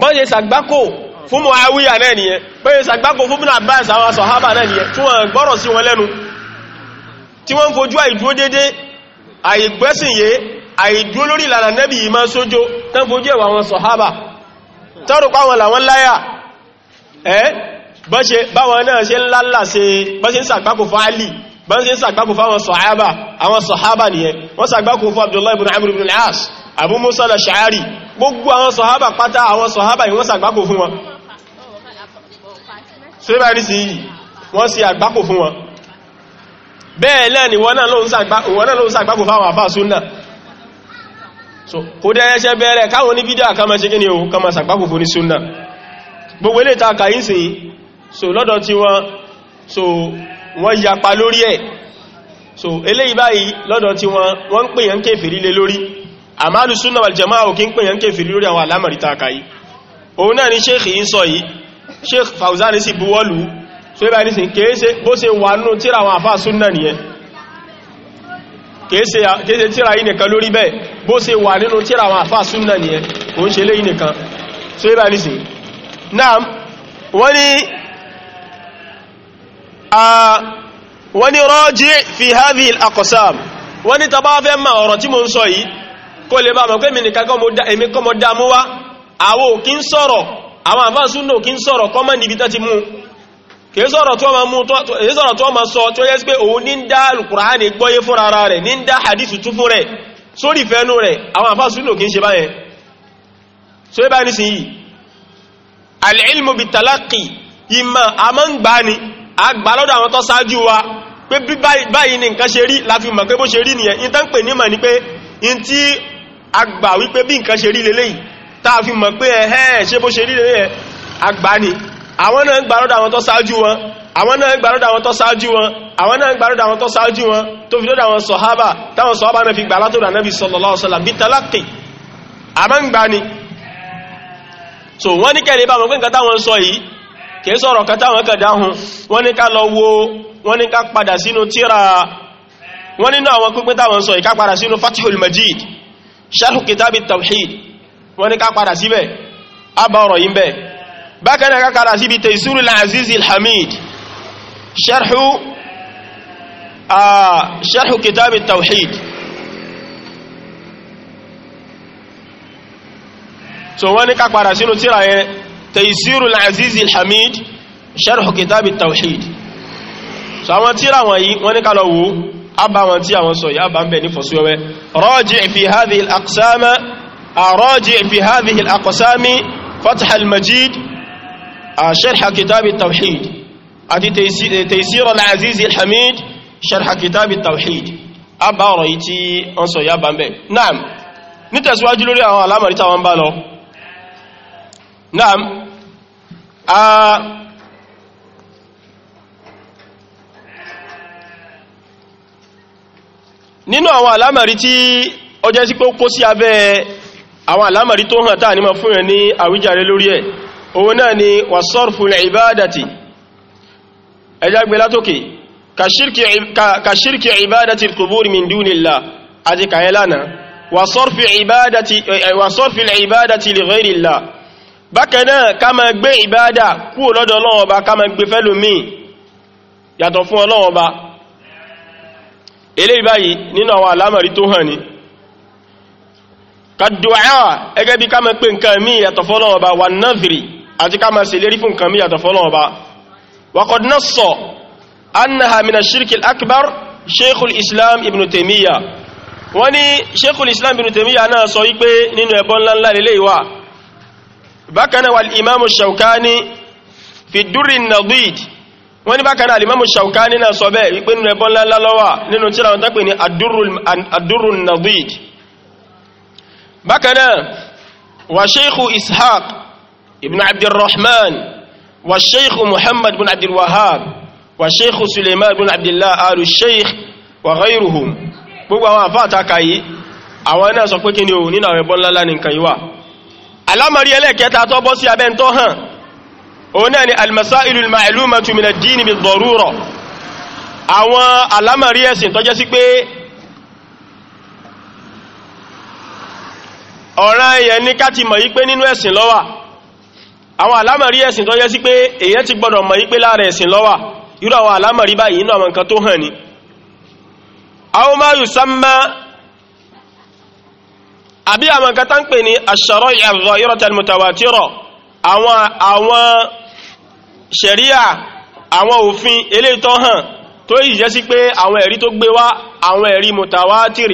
bá ṣe ṣàgbákọ̀ fáwọn fún Muawiya náà nìyẹn bẹ́yẹ̀ sàgbákò fún Ibn Abbas àwọn sọ̀hábà náà nìyẹn tí wọ́n gbọ́rọ̀ sí wọn lẹ́nu tí wọ́n ń fojú àìdúró dédé àìgbẹ́sìnyé àìdúró lórí ìlànà Nábì yìí máa sójó tán fojú ẹ̀wà àwọn sọ̀hábà tọ́rù páwọn làwọn láyà ẹ́ báwọn náà ṣe ńlá ṣe bọ́ṣe ń sàgbákò fún Alì bọ́ṣe ń sàgbákò fún àwọn sọ̀hábà as Abu Musa al-Ash'ari gbogbo àwọn sọ̀hábà pátá àwọn sọ̀hábà ìwọ́n sàgbákò fún wọn so ibà ní sí yìí wọ́n sí àgbákò fún wọn bẹ́ẹ̀ náà ni wọ́n náà ló ń sàgbákò fáwọn àfà súnnà so kó dẹ́ ẹṣẹ́ bẹ̀rẹ̀ káwọn ní bídá kama ṣe kíni o kama sàgbákò fún ní súnnà gbogbo ilé ta kàyín sí so lọ́dọ̀ tí wọ́n so wọ́n yapa lórí ẹ̀ so eléyìí báyìí lọ́dọ̀ tí wọ́n wọ́n ń pè yàn kéfèrí lé lórí àmálù súnnà wal jamaa ò kí ń pè yàn kéfèrí lórí àwọn alámàrí ta kàyí òun náà ni ṣéèkì yìí sọ yìí Sheikh Fauzan sì buwọ́lù so ibà ní sí kéése bó ṣe wà nú tíra àwọn àfáà súnnà nìyẹn kéése tíra yìí nìkan lórí bẹ́ẹ̀ bó ṣe wà nínú tíra àwọn àfáà súnnà nìyẹn kò ń ṣe lé yìí nìkan so ibà ní sí náà wọ́n ni wọ́n ni rọ́jí fi hadhihi al-aqsam wọ́n ni ma ọ̀rọ̀ tí mo ń sọ yìí kó lè bá mọ̀ pé mi nìkan kọ́ mo dá mú wá àwọ̀ kí ń sọ̀rọ̀ àwọn àfáà súnà kí ń sọ̀rọ̀ kọ́mọ̀ níbi tán ti mú kìí sọ̀rọ̀ tó ma mú èyí sọ̀rọ̀ tó ma sọ tó yẹ sí pé òun ní ń dá alùkùránì gbọ́yé fún ara rẹ̀ ní dá hadith tún fún rẹ̀ sórí ìfẹ́nú rẹ̀ àwọn àfáà súnà kí ń ṣe báyẹn al-ilmu bit-talaqqi ìmọ̀ àmọ́ngbani àgbàlọ́dọ̀ àwọn wa pé bí báyìí ni nǹkan ṣe rí láti mọ̀ pé bó ṣe rí nìyẹn táà fi mọ̀ pé ẹ̀hẹ́ ṣe bó ṣe lílẹ̀ ẹ̀ agbáni àwọn náà ń gbàrọ́dà àwọn tó sáájú wọn àwọn náà ń gbàrọ́dà àwọn tó sáájú wọn àwọn náà ń gbàrọ́dà àwọn tó sáájú wọn tó fi lọ́dà àwọn sọ̀hábà táwọn sọ̀hábà náà fi gbà látòdà Ànábì sallallahu alaihi wasallam so wọ́n ní kẹ́lẹ̀ bá mọ̀ pé nǹkan táwọn sọ yìí kìí sọ̀rọ̀ kan táwọn kan dáhùn wọ́n ní ká lọ wo wọ́n tawhid wọ́n ní ká padà síbẹ̀ àbá ọ̀rọ̀ yìí bẹ̀ bákan náà ká padà síbi Taysirul Aziz al-Hamid sharhu sharhu kitab at-tawhid so wọ́n ní ká padà sínú tírà yẹn Taysirul Aziz al-Hamid sharhu kitab tawhid so àwọn tírà wọ̀nyí wọ́n ní ká lọ wò àbá wọn tí àwọn sọ yìí àbá ń bẹ̀ ní fọ̀síwẹ́wẹ́ raji' fi hadhihi أراجع في هذه الأقسام فتح المجيد شرح كتاب التوحيد أدي تيسير العزيز الحميد شرح كتاب التوحيد أبا رأيتي أنسو يا بامبي نعم نتسوى جلوري أو علامة رتاوان بالو نعم آه nínú àwọn àlámẹ̀rí tí ó jẹ́ àwọn alámàrí tó hàn táà ní ma fún ẹ̀ ní àwíjàre lórí ẹ̀ òun náà ni wasọ́rfù ìbádàtì ẹjá gbé látòkè kàṣírkì ìbádàtì kòbórí min dúnilá àti kàyẹ́lánà wasọ́rfù ìbádàtì lè rẹ́rìlá bákan náà ká ma gbé ìbádà kú lọ́dọ̀ Ọlọ́run Ọba ká ma gbé kàdùá ẹgẹ́ bí ká mọ̀ pé nǹkan mí yàtọ̀ fọ́lọ́wọ́ bá wà náàzìrì àti ká mọ̀ ṣèlérí fún nǹkan mí yàtọ̀ fọ́lọ́wọ́ bá waqad nassa annaha min ash-shirk al-akbar sheikhul islam ibn taymiya wọ́n ní sheikhul islam ibn taymiya náà sọ wípé nínú ẹbọ ńláńlá lélẹ́ ìwà bákan náà wà imam shawkani fi lọ́wà nínú tíra wọn tán pè ní ad-durru bákanáà wà sheikhu ishaq ibn abdulrahman wà sheikhu muhammad bin abdulwahab wà sheikhu suleiman bin abdullah alu sheikh wà ghayruhum gbogbo àwọn àfáàtà kàyí àwọn náà sọ pé kí ni o nínú àwọn ẹbọ ńláńlá ní nǹkan yíwá alámọ̀rí ẹlẹ́kẹta tó bọ́ sí abẹ́ tó hàn òun náà ni almasailu ma'lumatu min ad-din d àwọn alámọ̀rí ẹ̀sìn tó sí pé ọ̀ràn ẹ̀yẹ ní ká ti mọ̀ yí pé nínú ẹ̀sìn ló wà àwọn àlámọ̀rí ẹ̀sìn tó yẹ sí pé èyẹ ti gbọ́dọ̀ mọ̀ yí pé lára ẹ̀sìn ló wà irú àwọn àlámọ̀rí báyìí inú àwọn nǹkan tó hàn ní àwọn máa yù sámá àbí àwọn nǹkan tá pè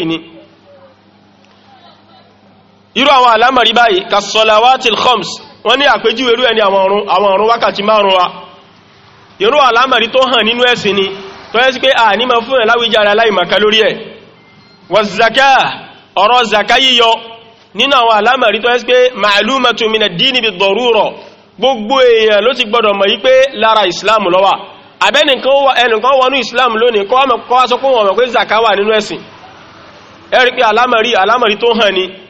ní ni irú àwọn alámàrí báyìí ka sọlawatil khams wọ́n ní àpéjúwe irú ẹni àwọn ọ̀run wákàtí márùn wa irú alámàrí tó hàn nínú ẹ̀sìn ni tó yẹ́ sí pé àní ma fún ẹ̀láwíjára aláìmàká lórí ẹ̀ wà zaka ọ̀rọ̀ zaka yíyọ nínú àwọn alámàrí tó yẹ́ sí pé ma'lumatun min ad-din bid-darura gbogbo èèyàn ló ti gbọdọ̀ mọ̀ yí islam ló wà abẹ́nìkan wọnú islam lónìí kọ́ wá sọ pé wọ́n mọ̀ pé zaka ẹ̀rí pé alámàrí tó hàn ni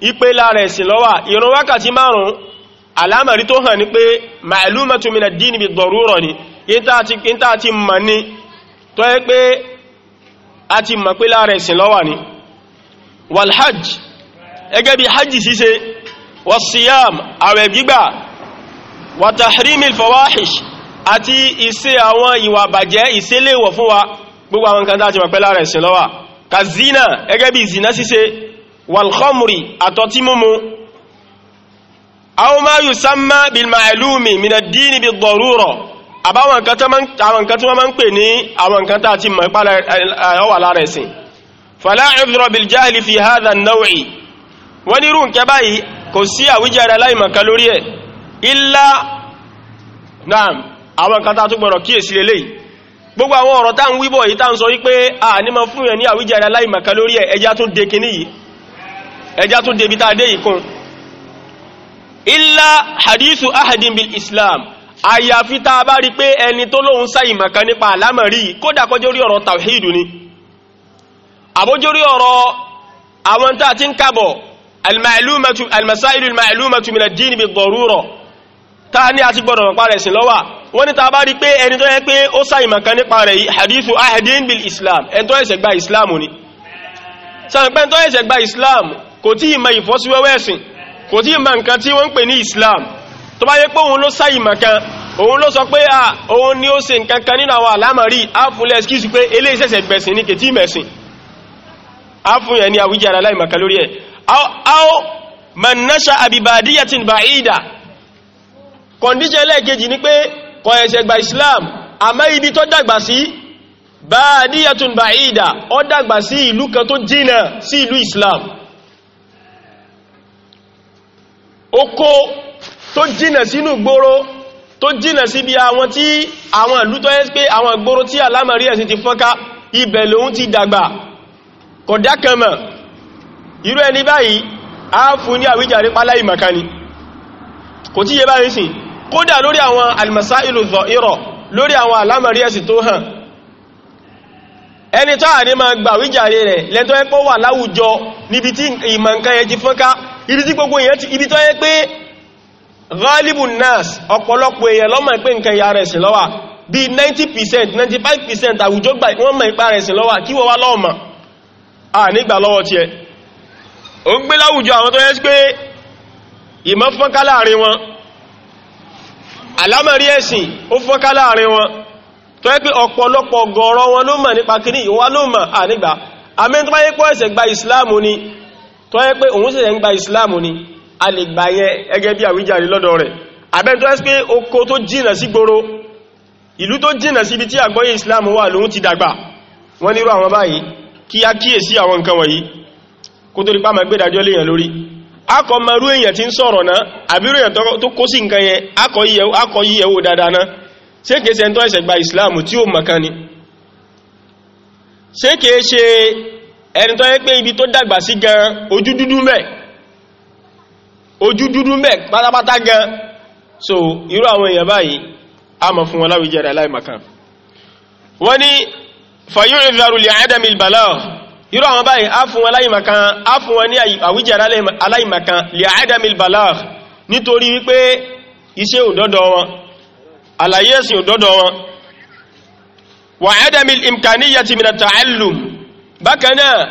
ipe lára ẹ̀sìn lọ́wà ìrun wákàtí márùn-ún alámàrí tó hàn ní pé ma'lumatu min ad-din bi darura ni ìta ti mọ̀ ní tó yẹ pé a ti mọ̀ pé lára ẹ̀sìn lọ́wà ni wal hajj ẹgẹ́ bí hajji ṣíṣe wa siyam àwẹ̀ gbígbà wa tahrimil fawahish àti ìṣe àwọn ìwà bàjẹ́ ìṣẹ́lẹ̀wọ̀ fún wa gbogbo àwọn kan tá ti mọ̀ pé lára ẹ̀sìn lọ́wà kazina ẹgẹ́ bí zina ṣíṣe wàlkhamri àtọ́tí múmu aw ma yusamma bilma'lumi minad-dini bid-darura àbáwọn nǹkan tí wọ́n máa ń pè ní àwọn nǹkan tá ti mọ̀ ìpàlẹ̀ ọwà lára ẹ̀sìn fala udhra biljahli fi hadha an-naw'i wọ́n nírú nkẹ́ báyìí kò sí àwíjẹ́ rẹ̀ láìmọ̀ká lórí ẹ̀ illa naam àwọn nǹkan tá tó gbọ́rọ̀ kíyèsí lélẹ́yìí gbogbo àwọn ọ̀rọ̀ tá ń wíbọ̀ yìí tá ń sọ wípé a ní ma fún yẹn ní àwíjẹ́ rẹ̀ láìmọ̀ká lórí ẹ̀ ẹjá tún dekiní yìí ẹjá tó débi tá a dé ìkún illa hadithu ahadin bil islam àyàfi tá a bá rí pé ẹni tó lóun sáyì mọ̀kan nípa àlámọ̀rí kódà kọjọ́ rí ọ̀rọ̀ tawhidu ni àbójọ́ rí ọ̀rọ̀ àwọn tá a ti ń kàbọ̀ almasailu almalumatu min ad-din bid-darura tá a ní àti gbọ́dọ̀ mọ̀pá rẹ̀ sí lọ́wà wọ́n ní tá bá rí pé ẹni tó yẹ pé ó sáyì mọ̀kan nípa rẹ̀ yìí ahadin bil islam ẹni tó ẹ̀sẹ̀ gba islam ni sọ̀rọ̀ pé ẹni tó ẹ̀sẹ̀ gba islam kò tí ì mọ ìfọ́síwẹ́wẹ́ ẹ̀sìn kò tí ì nǹkan tí wọ́n pè ní Islam tó bá yẹ pé òun ló sáyì mọ̀kan òun ló sọ pé à òun ni ó ṣe nǹkan kan nínú àwọn àlámọ̀rí áfúnlẹ̀ ẹ̀skísù pé eléyìí ṣẹ̀ṣẹ̀ gbẹ̀sìn ní kètí ìmẹ̀sìn áfún yẹn ni àwíjẹ́ ara láìmọ̀kan lórí ẹ̀ Islam àmọ́ ibi tó dàgbà sí bàdíyàtìn bàídà ó dàgbà sí ìlú kan tó jìnà sí ìlú Islam oko tó jìnà sínú gbòòrò tó jìnà síbi àwọn tí àwọn ìlú tó yẹ́ pé àwọn gbòòrò tí alámàrí ẹ̀sìn ti fọ́nká ibẹ̀ lòun ti dàgbà kọ̀dá kanmọ̀ irú ẹni báyìí a fún ní àwíjàre pálá ìmọ̀kání kò tí yẹ báyìí sìn kódà lórí àwọn almasailu dha'ira lórí àwọn alámàrí ẹ̀sìn tó hàn ẹni táà ní ma gbà àwíjàre rẹ̀ lẹ́tọ́ ẹ́pọ́ wà láwùjọ níbi tí ìmọ̀ǹkan ẹ ti fọ́nká ibi tí gbogbo èyàn ti ibi tó yẹ pé ghalibun nas ọ̀pọ̀lọpọ̀ èyàn ló mọ̀ pé nǹkan ìyá rẹ̀ sí lọ́wà bí 90% 95% àwùjọ gbà wọ́n mọ̀ ìpá rẹ̀ sí lọ́wà kí wọ́n wá lọ́ọ̀mọ̀ à nígbà lọ́wọ́ tí ẹ o ń gbé láwùjọ àwọn tó yẹ pé ìmọ̀ fọ́nká láàrin wọn àlámọ̀rí ẹ̀sìn ó fọ́nká láàrin wọn tó yẹ pé ọ̀pọ̀lọpọ̀ gọ̀ọ̀rọ̀ wọn ló mọ̀ nípa kíní ìwá ló mọ̀ à nígbà àmì pọ́ ẹ̀sẹ̀ gba ìsìláàmù ni tó yẹ pé òun ṣẹ̀ṣẹ̀ ń gba islamu ni a lè gbà yẹn ẹgẹ́ bí àwíjàre lọ́dọ̀ rẹ̀ àbẹ́ni tó yẹ pé oko tó jìnà sí gboro ìlú tó jìnà sí ibi tí àgbọ́yé islamu wà lòun ti dàgbà wọ́n nírú àwọn báyìí kí a kíyèsí àwọn nǹkan wọ̀nyí kó tó rípa akọ tí ẹni tó yẹ pé ibi tó dàgbà sí gan ojú dúdú mẹ́ ojú dúdú mẹ́ pátápátá gan so irú àwọn èèyàn báyìí a mọ̀ fún wọn láwíjẹ́rẹ̀ aláìmọ̀kan wọ́n ní fayúrin ìdàrú lè àádẹ́mì ìbàlá irú àwọn báyìí a fún wọn aláìmọ̀kan a fún wọn ní àwíjẹ́rẹ̀ aláìmọ̀kan lè àádẹ́mì ìbàlá nítorí wípé iṣẹ́ òdọ́dọ̀ wọn àlàyé ẹ̀sìn òdọ́dọ̀ wọn wà àádẹ́mì ìmkàníyà ti mìíràn tààlùm bákanáà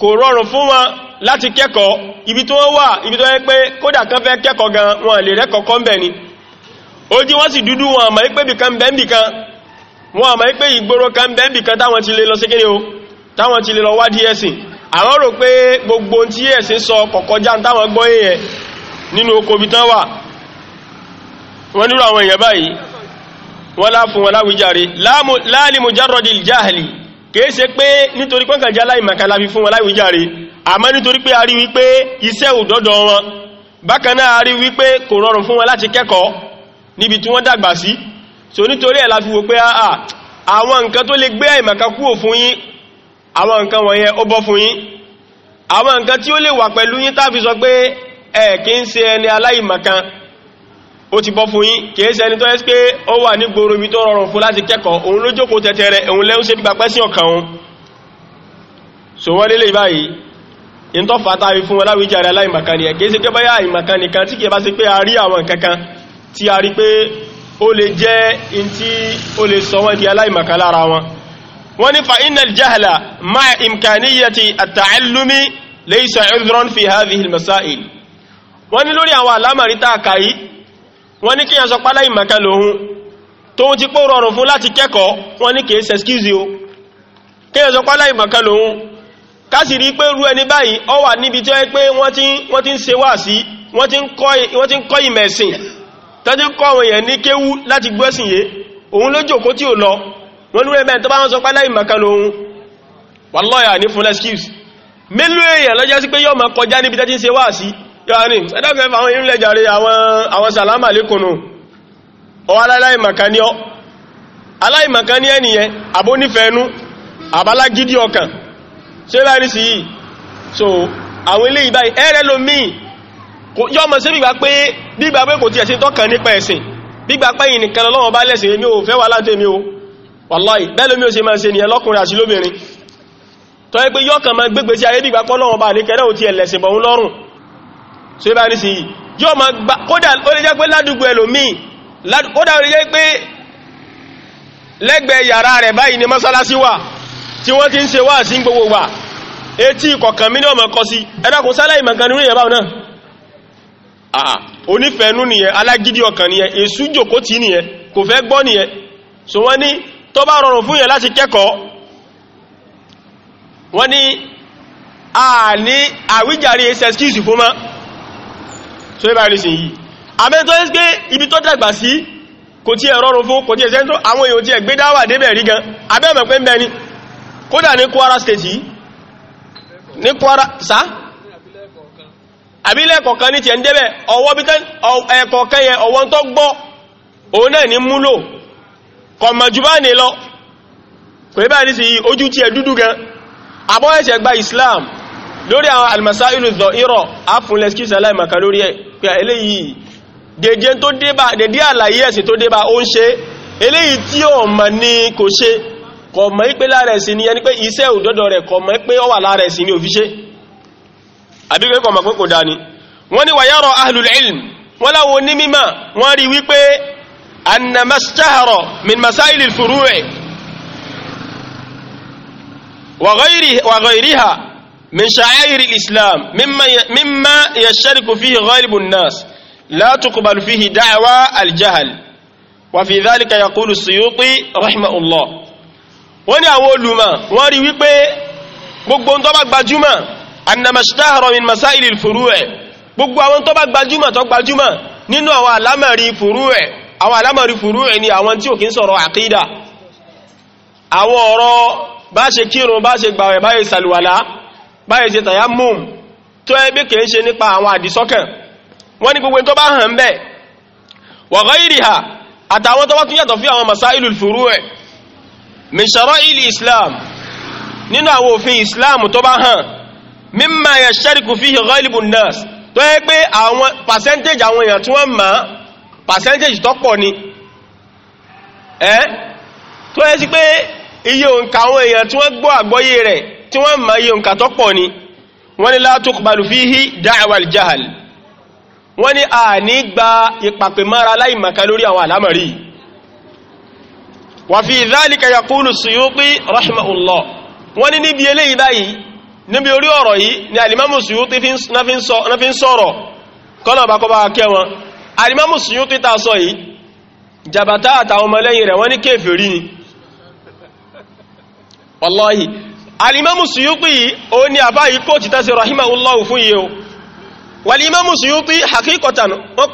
kò rọrùn fún wọn láti kẹ́kọ̀ọ́ ibi tó wà ibi tó yẹ pé kódà kan fẹ́ kẹ́kọ̀ọ́ gan wọn lè rẹ ń bẹ̀ ni ojú wọ́n sì dúdú wọn àmà ipé bìkan wọn àmà ìgboro kan táwọn ti lè lọ o táwọn ti lè lọ wádìí àwọn rò pé gbogbo táwọn kìí ṣe pé nítorí pé kànjá láìmọ̀kan láfi fún wọn láìwíjàre àmọ́ nítorí pé a rí wípé iṣẹ́ òdọ́dọ̀ wọn bákan náà a rí wípé kò rọrùn fún wọn láti kẹ́kọ̀ọ́ níbi tí wọ́n dàgbà sí so nítorí ẹ̀ láfi wò pé àà ah, ah, àwọn nǹkan tó lè gbé àìmọ̀kan kúrò fún yín àwọn nǹkan wọ̀nyẹn ó bọ́ fún yín àwọn nǹkan tí ó lè wà pẹ̀lú yín táfi sọ pé ẹ̀ kìí ṣe ẹni aláìmọ̀kan ó ti bọ́ fún yín kìí ṣe ẹni tó yẹ́ pé ó wà ní gbòòrò ibi tó rọrùn fún láti kẹ́kọ̀ọ́ òun ló jókòó tẹ́tẹ́ rẹ̀ òun lẹ́hún ṣe gbàgbẹ́ sí ọ̀kan òun so wọ́n lélẹ̀ báyìí in tó fàtà rí fún ọláwíjà rẹ̀ aláìmọ̀kan ni kìí ṣe pé báyà ìmọ̀kan nìkan tí kìí bá ṣe pé a rí àwọn kankan tí a rí pé ó lè jẹ́ in tí ó lè sọ wọ́n di aláìmọ̀kan lára wọn wọ́n ní fa innal jahla ma'a imkaniyati at-ta'allumi laysa 'udhran fi hadhihi al wọ́n ní lórí àwọn alámàrí tá wọ́n ní kí yàn sọ pálá ìmọ̀kan lòun tó ti pó rọrùn fún láti kẹ́kọ̀ọ́ wọ́n ní kìí ṣe excuse o kí yàn sọ pálá ìmọ̀kan lòun kásì rí pé rú ẹni báyìí ọ wà níbi tí ó yẹ pé wọ́n ti ń ṣe wà sí wọ́n ti ń kọ́ ìmẹ̀sìn tó ti ń kọ́ àwọn èèyàn ní kéwú láti yọ́ni ẹ̀dọ́kẹ́ fà àwọn ìrìnlẹ̀ jàrí àwọn sàlámà lékùnù ọwọ́ aláìmọ̀kaníọ́ aláìmọ̀kaní ẹniyẹ abónífẹ́ẹnú àbálágídí ọkàn ṣe bá ní sí yìí so àwọn ilé ìbáyì ẹ̀rẹ́ ló míì yọ́ mọ̀ sí gbígbà pé gbígbà pé kò tiẹ̀ sí tọ́kàn nípa ẹ̀sìn gbígbà pé yìí nìkan lọ́wọ́ bá lẹ́sìn èmi ò fẹ́ wà láti mi o wàláì bẹ́ẹ̀ lómi ò ṣe máa ṣe nìyẹn lọ́kùnrin àti lóbìnrin tọ́ ẹ pé yọ́kàn máa gbégbèsí ayé gbígbà pọ́ lọ́wọ́ bá nìkan náà ò tiẹ̀ lẹ́sìn bọ̀ ń lọ́rùn so ibá ní sí yìí yóò ma gbá kódà ó lè jẹ́ pé ládùgbò ẹlòmíì kódà ó lè jẹ́ pé lẹ́gbẹ̀ẹ́ yàrá rẹ̀ báyìí ni mọ́sálásí wà tí wọ́n ti ń ṣe wá sí gbogbo wà etí kọ̀kan mí náà mọ̀kọ́ sí ẹ̀dàkùn sálà ìmọ̀kan ah, nínú ìyẹ̀bá náà àà onífẹ̀ẹ́nú nìyẹn alágídí ọkàn nìyẹn èsú jòkó tí nìyẹn kò fẹ́ gbọ́ nìyẹn so wọ́n ní tó bá rọrùn fún yẹn láti kẹ́kọ̀ọ́ wọ́n ní àní àwíjàre excuse fún máa so ibà rí sin yìí abẹ́tọ́ ẹ́ pé ibi tó dàgbà sí kò tí ẹ̀rọ rún fún kò tí ẹ̀sẹ́ tó àwọn èèyàn tí ẹ̀ gbé dáwà débẹ̀ rí gan abẹ́mọ̀ pé ń bẹ ni kódà ní Kwara state yìí ní Kwara sá àbílẹ̀ kọ̀ọ̀kan ní tiẹ̀ ń débẹ̀ ọwọ́ bí ẹ̀kọ̀ọ̀kan yẹn ọwọ́ tó gbọ́ òun náà ní múlò Islam lórí àwọn almasailu zọ irọ̀ afúnlẹ̀skísà láìmàkà lórí ẹ̀ pé eléyìí dédé tó débà dédé àlàyé ẹ̀sìn tó débà ó ń ṣe eléyìí tí ó mọ̀ ní kò ṣe kò mọ̀ pé lára ẹ̀sìn ni ẹni pé iṣẹ́ òdọ́dọ̀ rẹ̀ kò mọ̀ pé ó wà lára ẹ̀sìn ni òfiṣẹ́ àbí pé kò mọ̀ pé kò dání wọ́n ní wàyárọ̀ ahlul ilm wọ́n من شعائر الإسلام مما مما يشترك فيه غالب الناس لا تقبل فيه دعوى الجهل وفي ذلك يقول السيوطي رحمه الله wọ́n ní àwọn olùmọ̀ wọ́n rí wípé gbogbo tó bá gbajúmọ̀ annamashtahara min masáìlì fúrú ẹ̀ gbogbo àwọn tó bá gbajúmọ̀ tó gbajúmọ̀ nínú àwọn alámọ̀rí fúrú ẹ̀ àwọn alámọ̀rí fúrú ẹ̀ ni àwọn tí ò kí ń sọ̀rọ̀ àkídà àwọn ọ̀rọ̀ bá ṣe kírun bá ṣe gbàwẹ̀ bá ṣe sàlùwàlá báyìí ṣe tàyà mọ́m tó ẹgbẹ́ kìí ṣe nípa àwọn àdìsọ́kàn wọ́n ní gbogbo tó bá hàn bẹ́ẹ̀ wa ghayriha àtàwọn tó bá tún yàtọ̀ fí àwọn masailul furu' min shara'il islam nínú àwọn òfin islam tó bá hàn mimma yashtariku fihi ghalibun nas tó yẹ pé àwọn percentage àwọn èèyàn tí wọ́n mọ̀ percentage tó pọ̀ ni ẹ́ tó yẹ sí pé iye òǹkà àwọn èèyàn tí wọ́n gbọ́ àgbọ́yé rẹ̀ tí wọ́n ma yíò nǹkan tó pọ̀ ni wọ́n ni la tuqbalu fihi da'wal jahal wọ́n ni a ní gba ìpàpè mara láì maka lórí àwọn alámàrí wà fi dhalika yaqulu Suyuti rahimahullah wọ́n ni níbi eléyìí báyìí níbi orí ọ̀rọ̀ yìí ni alimamu Suyuti na fi ń sọ̀rọ̀ kọ́nà bá kọba kẹ́ wọn alimamu Suyuti ta sọ yìí jabata àtàwọn ọmọlẹ́yìn rẹ̀ wọ́n ni kéfèrí ni wallahi alimamu suyuti o ni àbá yìí kó títà sí rahimahullahu fún yíò walimamu suyuti hakikatan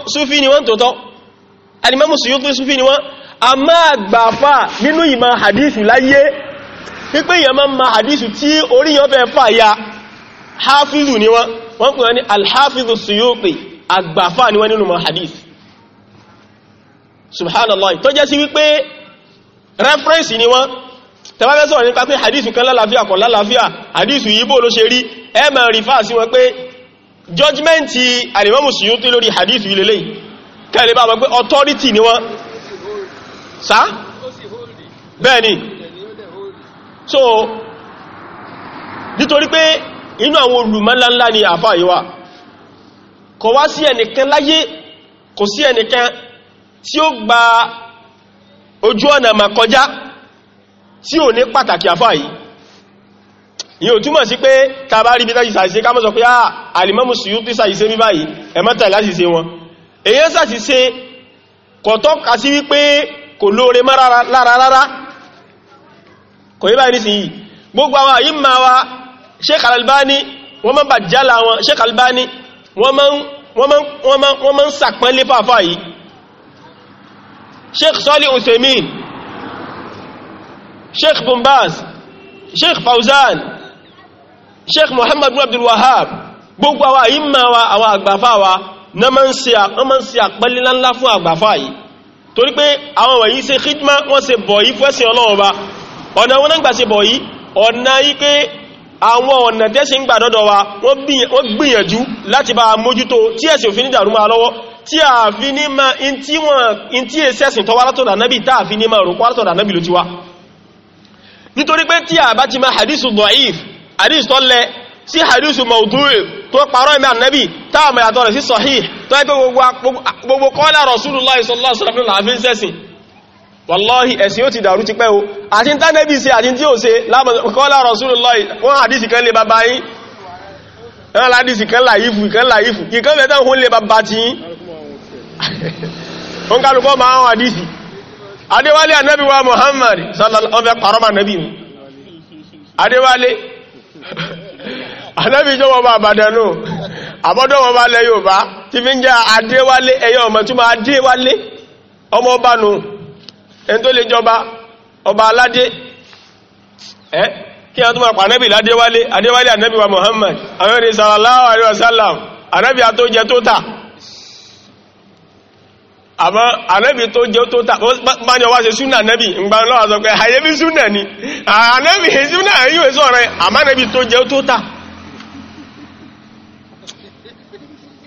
sufi ni wọ́n tótọ́ alimamu suyuti sufi ni wọ́n a máa gbàfà nínú ìmọ̀ hadithu láyé pípé èyàn máa ma hadithu tí oríyàn fẹ́ fà ya hafizu ni wọ́n wọ́n kùnrin ni alhafizu suyuti agbàfà ni wọ́n nínú ìmọ̀ hadith subhanallah tó jẹ́ sí wípé reference ni wọ́n tẹbàbẹ́ sọ̀rọ̀ nípa pé hadithu kan lálàáfíà kọ̀ lálàáfíà hadithu yìí bó ló ṣe rí ẹ máa rífà sí wọn pé jọjmẹ́ntì alimamu lórí hadithu ilẹ̀ lẹ́yìn kẹ́lẹ̀ bá authority ni wọ́n sá bẹ́ẹ̀ni so nítorí pé inú àwọn olùmọ́láńlá ni àfà yíwá kò wá sí ẹnìkan láyé kò sí ẹnìkan tí ó gba ojú ọ̀nà mà kọjá tí ò ní pàtàkì àfá yìí yíò túmọ̀ sí pé tàbá rí bítá ìsàìsẹ́ ká mọ́ sọ pé àà ah, alìmọ́mù Suyuti sàìsẹ́ ní báyìí ẹmọ́ta ìlàsìsẹ́ wọn èyàn sàìsẹ́ kọ̀tọ́ ká sí wípé kò lóore má lára rárá kò yí báyìí nísìnyí gbogbo àwọn àyí ma wa Sheikh Albani wọ́n mọ́ bàjálà wọn Sheikh Albani wọ́n mọ́ ń sàpẹ́lé fàfà yìí Sheikh Sọ́lì Usaimin sheikh bombaz sheikh fauzan sheikh muhammad bin abdul wahab gbogbo àwọn àyíma wa àwọn àgbàfà wa na ma ń ṣe àpẹẹlẹ ńláńlá fún àgbàfà yìí torí pé àwọn wọ̀nyí ṣe khidma wọ́n ṣe bọ̀ yí fẹ́sìn ọlọ́run ba ọ̀nà wọn náà gbà ṣe bọ̀ yí ọ̀nà yí pé àwọn ọ̀nà tẹ́sí ń gbà dọ́dọ̀ wa wọ́n gbìyànjú láti bá mójútó tí ẹ̀sìn òfin ní dàrúmọ́ lọ́wọ́ tí a fi ní ma in tí èsẹ́sìn tọ́wárátọ̀dà nábì tá a fi ní ma rò kwárátọ̀dà nábì ló ti wá nítorí pé tí a bá ti ma hadisu da'if hadisu tó lẹ sí hadisu maudu'i tó parọ́ ìmẹ́ annabi táà mọ̀ yàtọ̀ rẹ̀ sí sahih tó ẹgbẹ́ gbogbo kọ́lá rasulullah sallallahu alaihi wasallam àfin sẹ́sìn wallahi ẹ̀sìn ó ti dàrú ti pẹ́ o àti tá nẹ́bí ṣe àti tí ó ṣe kọ́lá rasulullah wọ́n hadisi kan lè bàbá yín ẹ̀rọ hadisi kan adéwálé ànábì wa Muhammad sallallahu alaihi wasallam adéwálé ànábì jọwọ́ bá àbàdànù àbọ́dọ̀wọ́ bá lẹ yóò bá ti fi ń jẹ́ adéwálé ẹ̀yọ ọmọ túnmọ̀ adéwálé ọmọ ọba nù ẹni tó lè jọba ọba aládé ẹ́ kí a tún máa pàánẹ́bì ládéwálé adéwálé ànábì wa Muhammad àwọn ẹni sallallahu àmọ́ ànẹ́bì tó jẹ́ tó tà bá ní ọwá ṣe súnà nẹ́bì ń gbá lọ́wà sọ pé àyẹ́bí súnà ni ànẹ́bì súnà yíò èso rẹ̀ àmánẹ́bì tó jẹ́ tó tà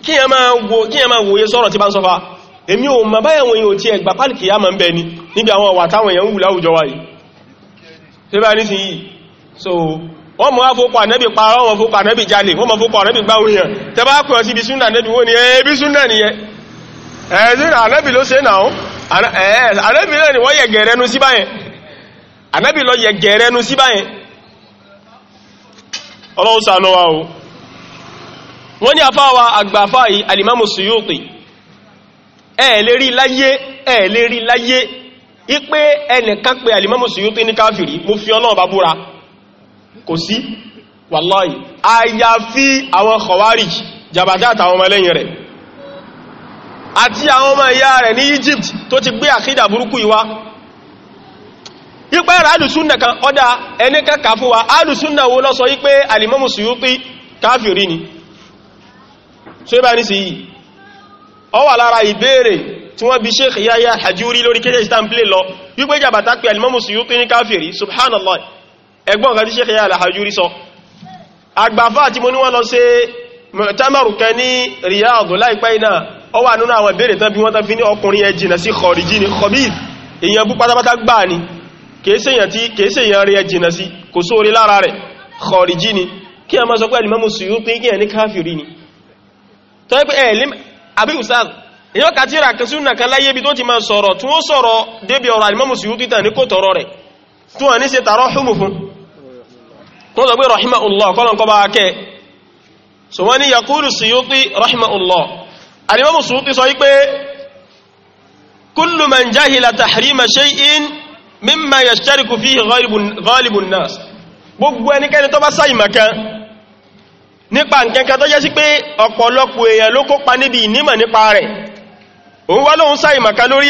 kí ẹ máa wòye sọ́rọ̀ tí bá ń sọfá èmi ò mọ̀ báyàwọn èèyàn tí ni níbi àwọn ọ̀wà táwọn èèyàn ń wù láwùjọ so ẹ ẹ̀ẹ́dínà eh, anábì ló ṣe náà anábì eh, náà ni wọ́n yẹ gẹ̀ẹ́rẹ́ nú sí báyẹn anábì lọ yẹ gẹ̀ẹ́rẹ́ nú sí báyẹn ọlọ́run ṣàánú wa o wọ́n ní afáwa àgbàfá yìí alimamu Suyuti ẹ̀ lè rí láyé ẹ̀ lè rí láyé ipé ẹnìkan pé alimamu Suyuti ní káfìrí mo fi ọlọ́run bá búra kò sí wàláyì àyàfi àwọn Khawarij jàbátà àtàwọn ọmọ ẹlẹ́yìn rẹ̀ àti àwọn ọmọ ìyá rẹ̀ ní Egypt tó ti gbé àkídà burúkú ìwá yípa ẹ̀rọ alùsúnnà kan ọ́dá ẹni kẹ́kà fún wa alùsúnnà wo lọ́sọ yí pé alìmọ́mù Suyuti káfìrí ni so ibá ní sí yìí ọ wà lára ìbéèrè tí wọ́n bí Sheikh Yahya Hajuri lórí kéjẹ́ ìsìtàn plé lọ subhanallah ẹgbọ́n kan tí Sheikh Yahya Hajuri sọ àgbàfà tí mo ní wọ́n lọ sí mọ̀tàmàrù kan ní Riyadh láìpẹ́ náà ó wà nínú àwọn ìbéèrè tán bí wọ́n tán fi ní ọkùnrin ẹ jìnà sí kọ̀rìjì ní kọ̀bíl èyàn bú pátápátá gbà ní kèéṣèyàn tí kèéṣèyàn rí ẹ jìnà sí kò sóorí lára rẹ̀ kọ̀rìjì ní kí a máa sọ pé Imam Suyuti kí ẹ ní káfìrí ni tó yẹ pé ẹ lè àbí ustaz èyàn kà tíra kan súnà rahimahullah kọ́lọ̀kọ́ bá kẹ́ so wọ́n ní Suyuti rahimahullah alimamu Suyuti sọ wípé kullu man jahila tahrima shay'in mimma yashtariku fihi ghalibun nas gbogbo ẹnikẹ́ni tó bá ṣàìmọ̀kan nípa nǹkankan tó jẹ́ sí pé ọ̀pọ̀lọpọ̀ èèyàn ló kópa níbi ìnímọ̀ nípa rẹ̀ òun wá lóhun ṣàìmọ̀kan lórí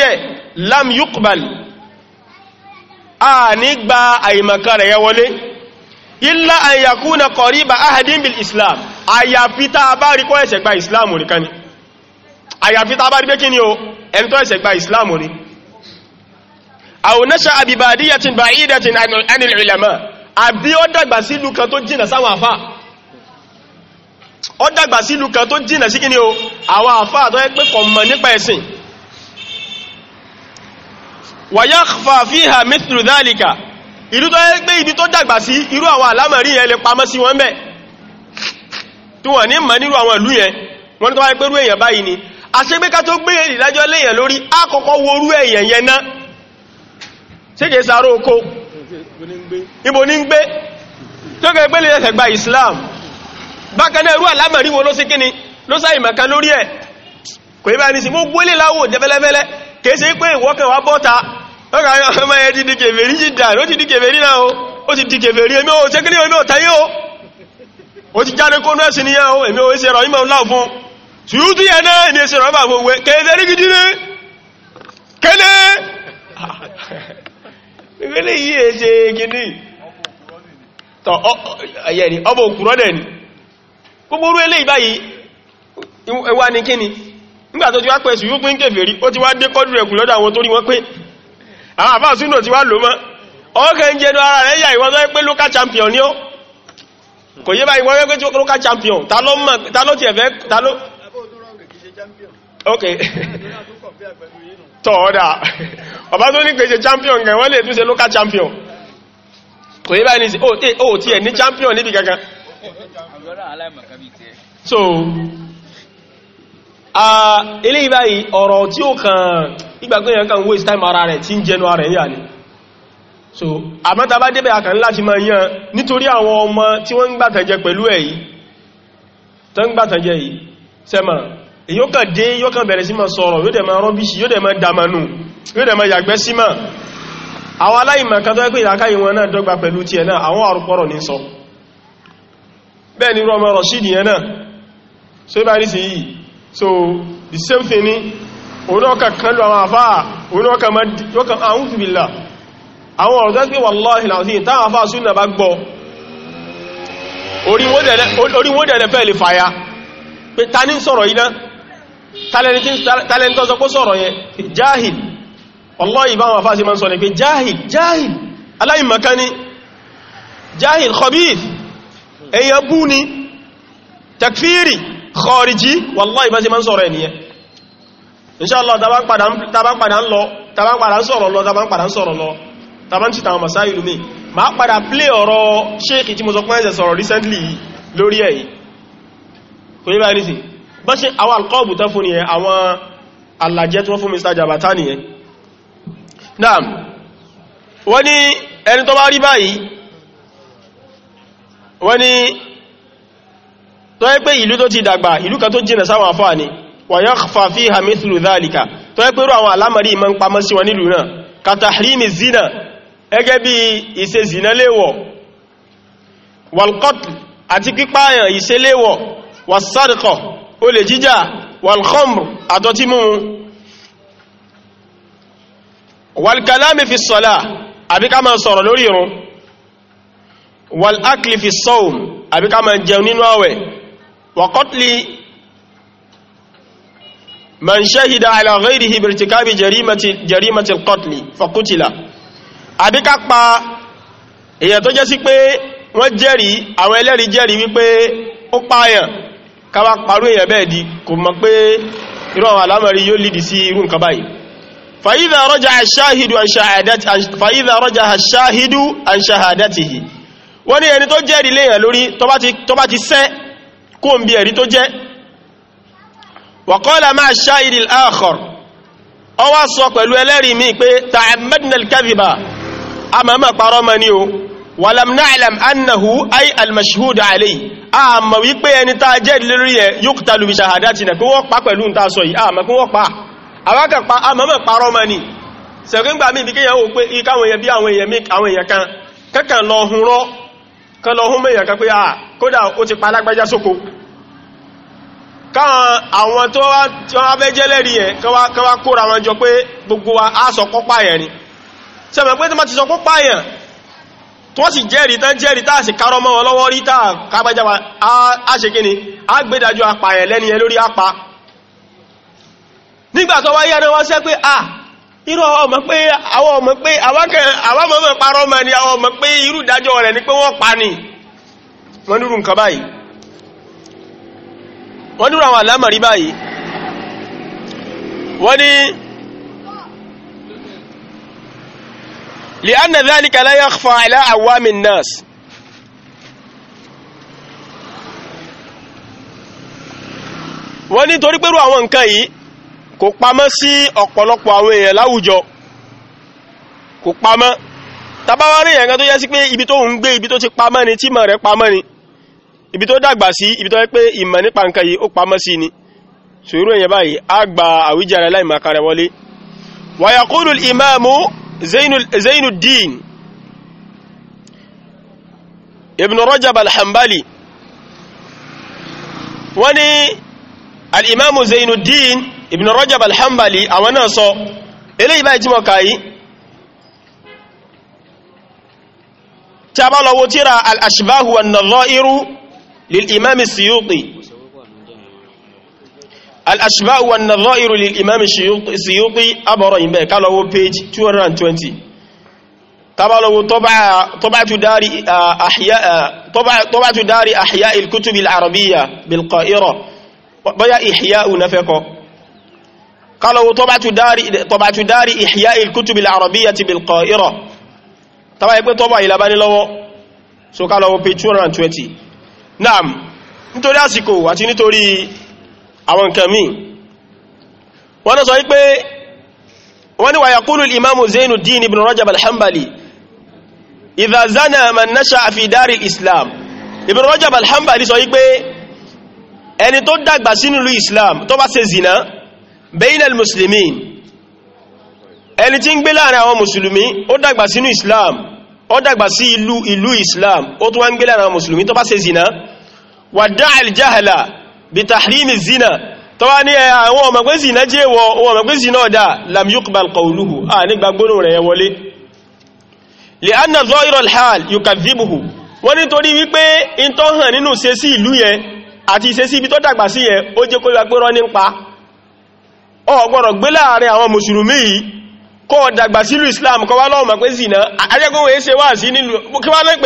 àyàfi tá a bá rí pé kí ni o ẹni tó ẹ̀sẹ̀ gba ìsìláàmù ni àwọn onáṣà àbìbàdíyàtin bàídàtin anil ulama àbí ó dàgbà sílùú kan tó jìnà sáwọn àfà ó dàgbà sílùú kan tó jìnà sí kí ni o àwọn àfà tó yẹ pé kò mọ̀ nípa ẹ̀sìn wa yakhfa fiha mithlu dhalika ìlú tó yẹ pé ibi tó dàgbà sí irú àwọn àlámọ̀rí yẹn lè pamọ́ sí wọn bẹ́ẹ̀ tí wọ́n ní mọ̀ nírú àwọn ìlú yẹn wọ́n tó wáyé pẹ́rú èèyàn báyìí ni àṣẹ́gbẹ́ká tó gbé to gbe lórí àkọ́kọ́ worú ẹ̀yàn yẹn náà ṣe kìí sàárò oko ibo ní ń gbé tó kẹ́ gbé lẹ́sẹ̀ gba Islam bákanáà irú àlámọ̀rí wo ló sí kíni ló sáì màkan lórí ẹ̀ kò ibá ní sí mú gbólé láwò jẹ́fẹ́lẹ́fẹ́lẹ́ kìí ṣe pé ìwọ́kẹ̀ o o ti o ṣùgbọ́n yẹn náà ní ẹsẹ̀ rọ́bà gbogbo kẹ́lẹ́ rí gidi ní kẹ́lẹ́ ìgbẹ́lẹ̀ yìí èjè gidi tọ́ ẹ̀yẹ̀ ni ọbọ̀ ele dẹ̀ ni gbogbo orú eléyìí báyìí ẹwà ní kíni nígbà ti wá pẹ̀ ṣùgbọ́n pín kèfèrí ó ti wá dé kọ́dù rẹ̀ àwọn wọ́n pé àwọn àbá ti wá lò mọ́ ọkẹ́ ń jẹnu ara rẹ̀ yà ìwọ́n tó local champion ni ó kò ta ló ti ẹ̀fẹ́ e ta ló ok tọ́ọ̀dá ọba tó ní pèsè champion gan wọ́n lè tún ṣe local champion kò yí báyìí ní sí o tí ẹ̀ ní champion níbi gangan so eléyìí báyìí ọ̀rọ̀ tí ó kàn ìgbàgbé yẹn kan waste time ara rẹ̀ tí ń jẹnu ara yà ni so àmọ́ta bá débẹ̀ àkàn láti máa yàn nítorí àwọn ọmọ tí wọ́n ń gbàtànjẹ pẹ̀lú èyí tó gbàtànjẹ yìí sẹ́mọ̀ràn èyí ó kàn dé yóò kàn bẹ̀rẹ̀ sí ma sọ̀rọ̀ yóò dẹ̀ ma rọ́bíṣì yóò dẹ̀ ma dàmànù yóò dẹ̀ ma yàgbẹ́ sí ma àwọn aláìmọ̀ kan tó ẹ́kùn ìlàkáyì náà dọ́gba pẹ̀lú ti ẹ̀nà àwọn àrùpọ̀rọ̀ ní sọ bẹ́ẹ̀ ni rọmọ rọ̀ṣídì so ibà ní so the same thing ni òun náà kàn kan lọ àwọn àfáà òun náà kàn yóò kàn àwọn òfìbìlà àwọn ọ̀rọ̀ tó ẹ́kùn wallahi láti táwọn àfáà súnà bá gbọ́ orí lè fàya pé ní sọ̀rọ̀ yìí tàlẹ́ni tó sọ pé sọ̀rọ̀ yẹn jahil wallahi bá wọn fásí ma ń sọ ní pé jahil jahil aláìmọ̀kání jahil khabith èyàn bú ni takfiri khariji wallahi bá sí ma ń sọ̀rọ̀ ẹ̀nìyàn inṣáàlá tàbá padà ń lọ tàbá padà ń sọ̀rọ̀ lọ tàbá padà ń sọ̀rọ̀ lọ tàbá ń títà masá ìlú mi ma padà plé sọ̀rọ̀ recently lórí ẹ̀yí kò yí báyìí bá ṣe àwọn alkọ́ọ̀bù tán fún nìyẹn àwọn alàjẹ́ tí fún Mr. Jabata nìyẹn náà wọ́n ní ẹni tó bá rí báyìí wọ́n ní tó yẹ pé ìlú tó ti dàgbà ìlú kan tó jìnà sáwọn afọ́ àní wa yakhfa fiha mithlu tó yẹ pé rú zina ẹgẹ́ bí ìṣe zina léwọ̀ wal qatl àti pípáyàn ìṣe léwọ̀ olè jíjà walkhamr àtọtí mímu walkalami fi sọ́lá àbí ká máa sọ̀rọ̀ lórí irun walakli fi sọ́um àbí ká máa jẹun nínú àwẹ̀ wakotli man shahida ala ghayrihi bi irtikabi jarimati jarimati alqatl faqutila àbí pa èyàn tó jẹ́ sí pé wọ́n jẹ́rìí àwọn ẹlẹ́rìí jẹ́rìí wípé ó pààyàn káwà parú èyàn bẹ́ẹ̀ di kò mọ̀ pé irú àwọn alámọ̀rí yóò lìdí sí irú nǹkan báyìí fàyíza rọ́jà àṣáhìdú àṣáhàdátìhì wọ́n ní ẹni tó jẹ́ ìdílé èyàn lórí tó bá ti sẹ́ kó ń bí ẹ̀rí tó jẹ́ wàkọ́lá máa ṣáhìdì walam na'lam annahu ay al-mashhud alayhi a mọ̀ wípé ẹni tá jẹ́ lórí ẹ̀ yuqtalu bi shahadatina pé wọ́n pa pẹ̀lú ń ta sọ yìí a mọ̀ pé wọ́n pa àwákàpá a mọ̀ mọ̀ parọ́ mọ̀ ni sẹ̀ríngbà mí bí kíyàn ó pé ikáwọn èèyàn bí àwọn èèyàn mí àwọn èèyàn kan kẹ́kàn lọ hun rọ́ kan lọ hun mẹ́yàn kan pé à ah, kódà ó ti pa alágbájá sóko káwọn àwọn tó wá fẹ́ jẹ́ lẹ́rí ẹ̀ kan wá kóra wọn jọ pé gbogbo wa á sọ kọ́pàyàn ni sẹ́mọ̀ pé tó má ti sọ kọ́pàyàn tó sì jẹ́rìí tán jẹ́rìí tá sì kárọ mọ́ wọn lọ́wọ́ rí tá kábájáwà á ṣe kíni á gbédájú apà ẹ̀ lẹ́ni ẹ lórí apá nígbà tó wáyé ẹni wọ́n sẹ́ pé à irú ọmọ pé àwọn ọmọ pé àwọn ọmọ parọ́ mọ́ ni àwọn ọmọ pé irú ìdájọ́ rẹ̀ ni pé wọ́n pa ni wọ́n nírú nǹkan báyìí wọ́n nírú àwọn àlámọ̀rí báyìí wọ́n ní لأن ذلك لا يخفى على عوام الناس wọ́n ní torí pẹ̀lú àwọn nǹkan yìí kò pamọ́ sí ọ̀pọ̀lọpọ̀ àwọn èèyàn láwùjọ kò pamọ́ tàbáwá rí ẹ̀yàn tó yẹ sí pé ibi tó ń gbé ibi tó ti pamọ́ ni tí mọ̀ rẹ̀ pamọ́ ni ibi tó dàgbà sí ibi tó yẹ pé ìmọ̀ nípa nǹkan yìí ó pamọ́ sí ni sòrò èèyàn báyìí á gba àwíjàre rẹ̀ wọlé zainuddin ibn rajab alhambali wọ́n ní al'imamu zainuddin ibn rajab alhambali àwọn náà sọ eléyìí báyìí tí mọ̀ kàáyí tí a bá lọ wó tíra al'ashibahu wa nadha'iru lil imam siyuti al-ashba'u wa an-nadha'iru lil imam siyuti abọ̀rọ̀ ìbẹ̀ kálọwọ́ page 220 tabalawo tọ́bàtù dari ahya il-kutub al-arabiyya bil-qa'ira bọ́yá ihya'u na fẹ́kọ́ kálọwọ́ tọ́bàtù dari ihya il-kutub al-arabiyya ti bil-qa'ira tàbá ipé tọ́bà ìlàbánilọ́wọ́ so kálọwọ́ page 220 naam nítorí àsìkò àti nítorí àwọn nǹkan míì wọ́n náà sọ wípé wọ́n ni wà yàkúlù imamu Zainuddin ibn Rajab al-Hanbali idha zana man nasha'a fi dari islam ibn Rajab al-Hanbali sọ wípé ẹni tó dàgbà sínú ìlú islam tó bá ṣe zina bayna al-muslimin ẹni tí ń gbé láàrin àwọn mùsùlùmí ó dàgbà sínú islam ó dàgbà sí ìlú islam ó tún wá ń gbé láàrin àwọn mùsùlùmí tó bá ṣe zina wà dá al bí tahrimi zina tó wá ní eh, àwọn ọmọ pé zina jẹ́ wọ wọn ọmọ pé zina ọ̀dá lam yuqbal qawluhu a ní gbagbónú rẹ̀ wọlé lè anna zọ́ìrọ̀ alhal yukadhibuhu wọ́n nítorí wípé in tó hàn nínú ṣe sí ìlú yẹn àti ṣe sí ibi tó dàgbà sí yẹn ó jẹ́ kó yà pé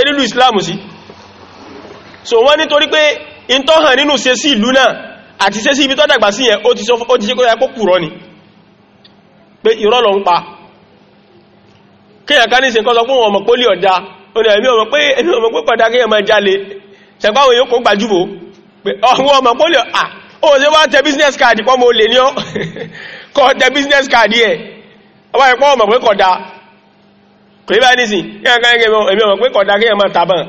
rọ́ so wọ́n nítorí pé in tó hàn nínú ṣe sí ìlú náà àti ṣe sí ibi tó dàgbà sí yẹn ó ti ṣe kó yẹ kó kùrọ ni pé irọ́ ló ń pa kíyàn ká ní ṣe kọ́ sọ fún ọmọ pólí ọ̀dá oní ẹ̀mí ọmọ pé ẹ̀mí ọmọ pé pàdá kíyàn máa jalè ṣẹ̀gbáwọn yóò kó gbajúbò pé ọmọ ọmọ pólí ọ̀dá ó ṣe wá tẹ business card pọ́ mo lè ní ọ́ kọ́ tẹ business card yẹ ọba ẹ̀pọ́ ọmọ pé kọ̀dá kò ní bá ní sìn kíyàn ká ní ẹ̀mí ọmọ pé kọ̀dá kíyàn máa tàbọn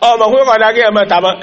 ọmọ pé kọ̀dá kíyàn máa tàbọn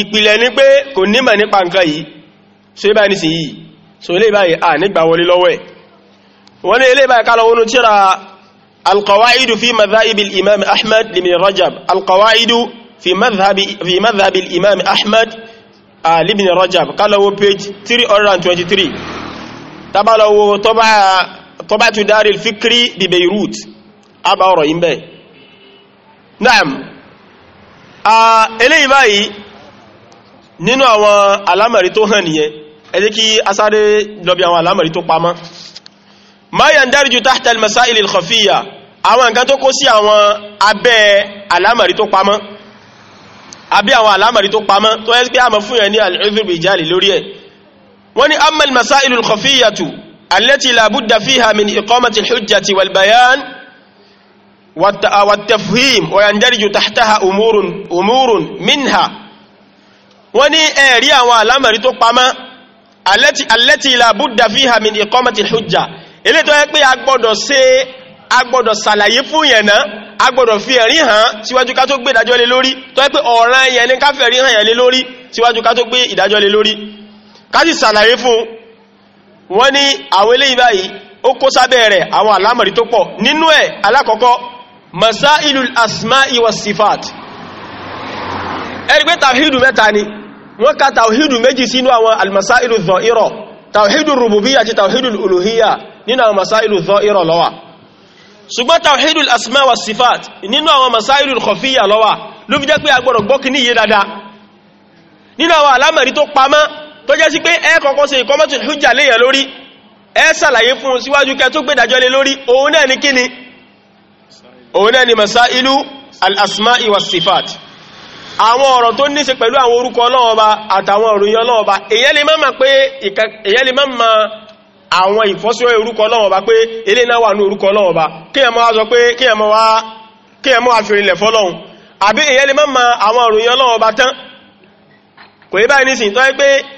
ìpìlẹ̀ ní pé kò nímọ̀ nípa nǹkan yìí so ibá ní sí yìí so ilé ìbáyìí à nígbà wọlé lọ́wọ́ ẹ̀ wọ́n ní ilé ìbáyìí kálọ̀ wọnú tíra alkawaidu fi madhabi imam ahmad libin rajab alkawaidu fi madhabi imam ahmad libin rajab kálọ̀ wọ page 323 tabalọ̀ wọ tọ́bá tu daril fikri bi beirut abá yìí bẹ́ẹ̀ naam eléyìí báyìí nínú àwọn alámẹ̀rí tó hàn nìyẹn ẹ jẹ́ kí asáré lọ bí àwọn alámẹ̀rí tó pamọ́ ma yandariju tahta al-masail al-khafiyya àwọn nǹkan tó kó sí àwọn abẹ́ alámẹ̀rí tó pamọ́ àbí àwọn alámẹ̀rí tó pamọ́ tó yẹ pé a máa fún yẹn ní al-udhr bi jali lórí ẹ̀ wọ́n ní amma wọ́n ní ẹ̀rí àwọn alámẹ̀rí tó pamọ́ alẹ́tì ilà buddha fi hàmì ìkọ́mọ̀tì hujja ilé tó yẹ pé a gbọ́dọ̀ ṣe a gbọ́dọ̀ ṣàlàyé fún yẹn náà a gbọ́dọ̀ fi ẹ̀rí hàn síwájú ká tó gbé ìdájọ́ lé lórí tó yẹ pé ọ̀ràn yẹn ni ká fẹ̀rí hàn yẹn lé lórí síwájú ká tó gbé ìdájọ́ lé lórí ká sì ṣàlàyé fún wọ́n ní àwọn eléyìí báyìí ó kó sábẹ́ rẹ̀ àwọn alámọ̀rí tó pọ̀ nínú ẹ̀ alákọ̀ọ́kọ́ masailul asma'i was sifat ẹ̀rí pé tawhidu mẹ́ta ni wọ́n ka tàwíhìdù méjì sínú àwọn almasailu zọ́írọ̀ tàwíhìdù rububiya àti tàwíhìdù olùhíyà nínú àwọn masailu zọ́írọ̀ lọ́wà ṣùgbọ́n tàwíhìdù asma wa sifat nínú àwọn masailu kọfíyà lọ́wà ló fi jẹ́ pé agbọ́dọ̀ gbọ́kì ní iye dada nínú àwọn alámẹ̀rí tó pamọ́ tó jẹ́ sí pé ẹ kọ́kọ́ ṣe ìkọ́mọ́tún hujja léyàn lórí ẹ ṣàlàyé fún ni àwọn ọ̀rọ̀ tó ní ṣe pẹ̀lú àwọn orúkọ ọlọ́ọba àtàwọn òròyìn ọlọ́ọba èyẹ́ lè máa pé èyẹ́ lè máa àwọn ìfọ́síwẹ́ orúkọ ọlọ́ọba pé ilé náà wà ní orúkọ ọlọ́ọba kí ẹ máa sọ pé kí ẹ máa fìrìnlẹ̀ fọ́lọ́hun àbí èyẹ́ lè máa àwọn òròyìn ọlọ́ọba tán kò yí báyìí nísìn tó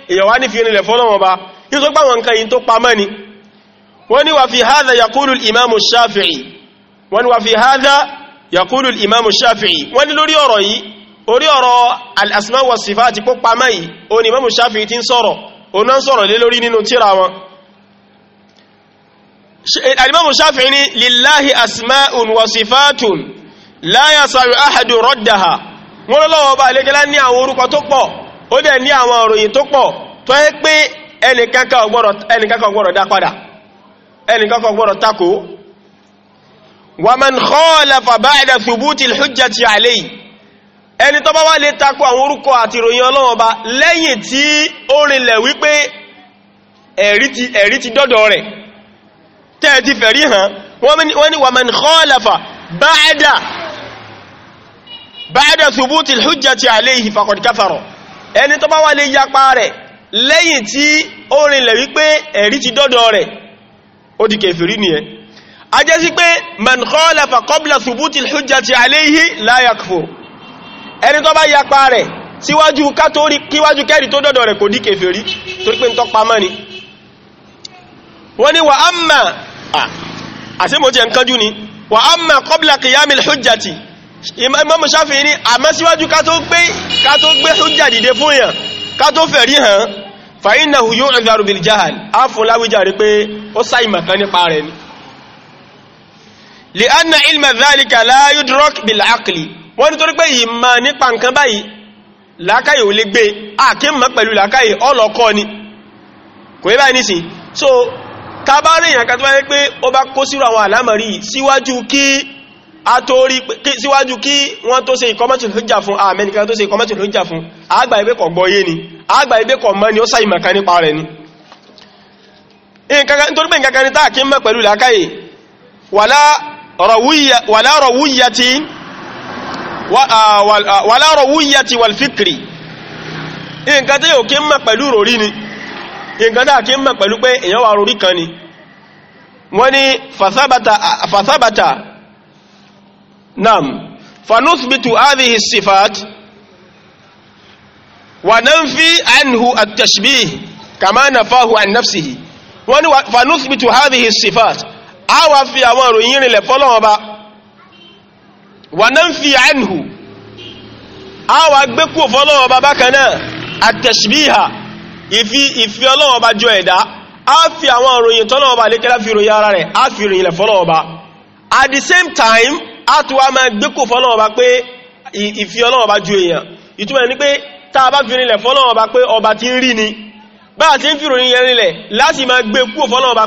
yẹ wá ní fìrìnlẹ̀ fọ́lọ́ọba wọ́n ni wà fi hadha yaqulu al-imamu shafi'i wọ́n ni wà fi al-imamu shafi'i wọ́n ni lórí ọ̀rọ̀ yìí orí ọ̀rọ̀ al-asma wa sifati kó pamẹ́ yìí o ni Imamu Shafi'i ti ń sọ̀rọ̀ o náà ń sọ̀rọ̀ lé lórí nínú tíra wọn al-Imamu eh, Shafi'i ni lillahi asma'un wa sifatun la yasa'u ahadun raddaha wọ́n lọ́wọ́ bá alẹ́gẹ́lá ní àwọn orúkọ tó pọ̀ ó dẹ̀ ẹni tó bá wá lè takò àwọn orúkọ àti ìròyìn Ọlọ́run Ọba lẹ́yìn tí ó rinlẹ̀ wípé ẹ̀rí ti ẹ̀rí ti dọ́dọ̀ rẹ̀ tẹ́ẹ̀ ti fẹ̀rí hàn wọ́n ni wàmàn khalafa ba'da ba'da thubuti al-hujjati alayhi faqad kafara ẹni tó bá wá lè yapa ti dọ́dọ̀ rẹ̀ ó ẹni tó bá yapa rẹ̀ síwájú kátórí kíwájú kẹ́rì tó dọ̀dọ̀ rẹ̀ kò di kèfèrí torí pé ń tọ́pa mọ́ ni wọ́n ni wà á mà àti mo ti ẹ̀ ń kánjú ni wà á mà qabla qiyamil hujjati Imam Shafi'i ní àmọ́ síwájú ká gbé ká fún yàn ká fẹ̀rí hàn fa innahu yu'dharu bil wọ́n nítorí pé ìmọ̀ nípa nǹkan báyìí làákàyè ò lè gbé àkí mọ̀ pẹ̀lú làákàyè ọlọ́kọ́ ni kò yẹ báyìí nìsìn so tabari yàn kàtàbà yẹ pé ó bá kó sírò àwọn àlámọ̀rí síwájú kí a tó rí síwájú kí wọ́n tó ṣe ìkọmọ́tì lójà fún àmẹ́nìkan tó ṣe ìkọmọ́tì lójà fún àgbà ibé kọ̀ gbọ́yé ni àgbà ibé kọ̀ ni ó sáyìmọ̀ kan nípa rẹ̀ ni nítorí pé nǹkan kan wàlá rọ̀wúyà tí Ah, ah, wala ruwiyyati wal fikri nǹkan tí yóò kí ń mọ̀ pẹ̀lú ròrí ni nǹkan tí a kí ń mọ̀ pẹ̀lú pé èyàn wà ròrí kan ni wọ́n ni fasabata nam fanuthbitu hadhihi sifat wa nanfi anhu at-tashbih kama nafahu an nafsihi wọ́n ni fanuthbitu hadhihi sifat a wá fi àwọn ìròyìn rinlẹ̀ fọ́lọ́wọ́ ba wà náà ń fi àìnhù a wà gbé kú fọ́lọ́wọ́ bá bákan náà àtẹ̀ṣbíhà ìfi ìfi ọlọ́wọ́ bá jọ ẹ̀dá a fi àwọn òròyìn tọ́lọ́wọ́ bá lékẹ́lá fi ròyìn ara rẹ̀ a fi ròyìn lẹ̀ fọ́lọ́wọ́ bá at the same time a tó wá máa gbé kú fọ́lọ́wọ́ bá pé ìfi ọlọ́wọ́ bá ju èèyàn ìtumọ̀ ní pé tá a bá fi rìnlẹ̀ fọ́lọ́wọ́ bá pé ọba ti ń rí ni bá àti ń fi ròyìn yẹn rìnlẹ̀ láti máa gbé kú fọ́lọ́wọ́ bá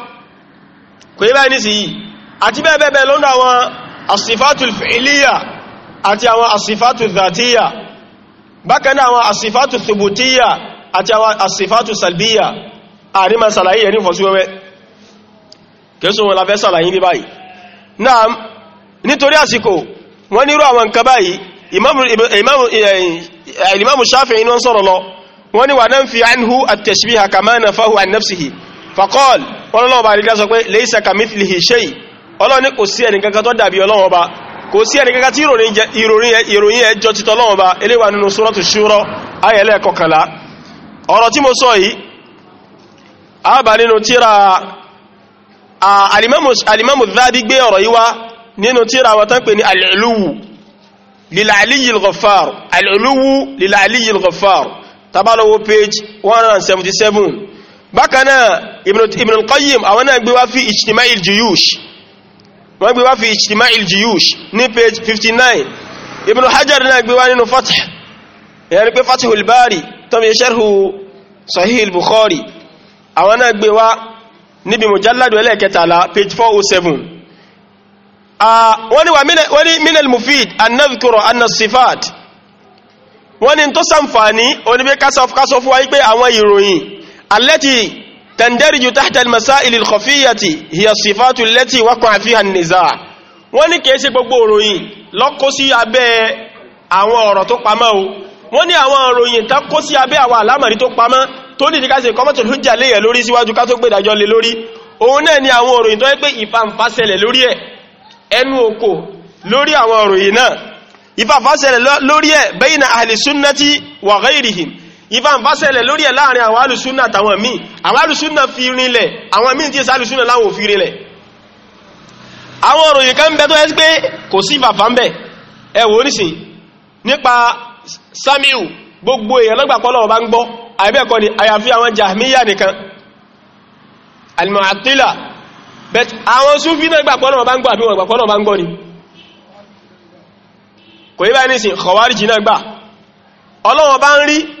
kò yí báyìí nísìyí àti bẹ́ẹ̀ bẹ́ẹ̀ bẹ́ẹ̀ lọ́nà àwọn asifatul fi'liya àti àwọn asifatul dhatiya bákan náà àwọn asifatul thubutiya àti àwọn asifatul salbiya àrímà sàlàyé ẹni fọ́síwẹ́wẹ́ kẹsùn wọn lafẹ́ sàlàyé bí báyìí náà nítorí àsìkò wọ́n nírú àwọn nǹkan báyìí imamu eh, shafi'i inú sọ̀rọ̀ lọ wọ́n ni wà náà fi anhu at-tashbiha kama nafahu an nafsihi ọlọ́run ọba àríkà sọ pé laysa kamithlihi shay ọlọ́run ní kò sí ẹnìkankan tó dàbí ọlọ́run ọba kò sí ẹnìkankan tí ìròyìn ẹ jọ títọ́ ọlọ́run ọba eléwà nínú suratu shura ayẹlẹ́ kọkànlá ọ̀rọ̀ tí mo sọ yìí alimamu Dhahabi gbé ọ̀rọ̀ yìí wá nínú tíra wọn tán pè ní al-uluwu lil-aliyyi al-ghaffar al tabalowo page 177 bákanáà Ibn al-Qayyim àwọn náà gbé wá fi ijtima il-jiyush wọ́n gbé wá fi ijtima il ní page 59 Ibn Hajar náà gbé wá nínú fath ìyẹn ni pé Fathul Bari tọ́mí sharhu Sahih al-Bukhari àwọn náà gbé wá níbi mujalladu ẹlẹ́kẹtàlá page 407 wọ́n ni wọ́n ni minal mufid an-nadhkuru anna sifat wọ́n ni tó sàǹfààní oníbẹ́ kásọ fún pé àwọn ìròyìn التي تندرج تحت المسائل الخفية هي الصفات التي وقع فيها النزاع wọ́n ní kèése gbogbo òròyìn lọ́kó sí abẹ́ àwọn ọ̀rọ̀ tó pamọ́ o wọ́n ní àwọn òròyìn tán kó sí abẹ́ àwọn àlámọ̀rí tó pamọ́ tó ní ìdíkàsẹ̀ kọmọ̀tò ló jà léyẹ̀ lórí síwájú ká tó gbé ìdájọ́ lé lórí òun náà ni àwọn òròyìn tó yẹ ìfà ń bá ṣẹlẹ̀ lórí ẹ̀ láàrin àwọn alùsúnà àtàwọn míì àwọn alùsúnà fi rinlẹ̀ àwọn míì tí ẹ sálùsúnà láwọn ò fi rinlẹ̀ àwọn òròyìn kan bẹ tó ẹ́ pé kò sí ìfàfà ń bẹ ẹ wò nísìn nípa samiu gbogbo èèyàn lọ́gbàpọ̀ lọ́wọ́ bá ń gbọ́ àìbẹ́ẹ̀kọ́ ni àyàfi àwọn jahmiya nìkan al-mu'attila bet àwọn súnfí náà gbàpọ̀ lọ́wọ́ bá ń gbọ́ àbí wọn gbàpọ̀ lọ́wọ́ bá ń gbọ́ ni kò yí báyìí nísìn ọlọ́wọ́ bá ń rí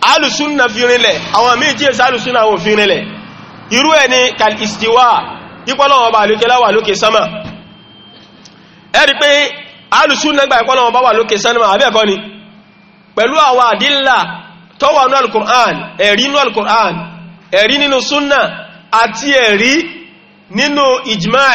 alùsúnnà fi rinlẹ̀ àwọn méjì èsì alùsúnnà wọn fi rinlẹ̀ irú ẹ̀ ni kalistiwa ìpọ́lọ̀wọ̀ bá lókè láwà lókè sánmà ẹ̀rí pé alùsúnnà gba ìpọ́lọ̀wọ̀ bá wà lókè sánmà àbẹ́ẹ̀kọ́ ni pẹ̀lú àwọn àdílà tó wà nínú al-Qur'an ẹ̀rí nínú al-Qur'an ẹ̀rí nínú súnnà àti ẹ̀rí nínú ijma'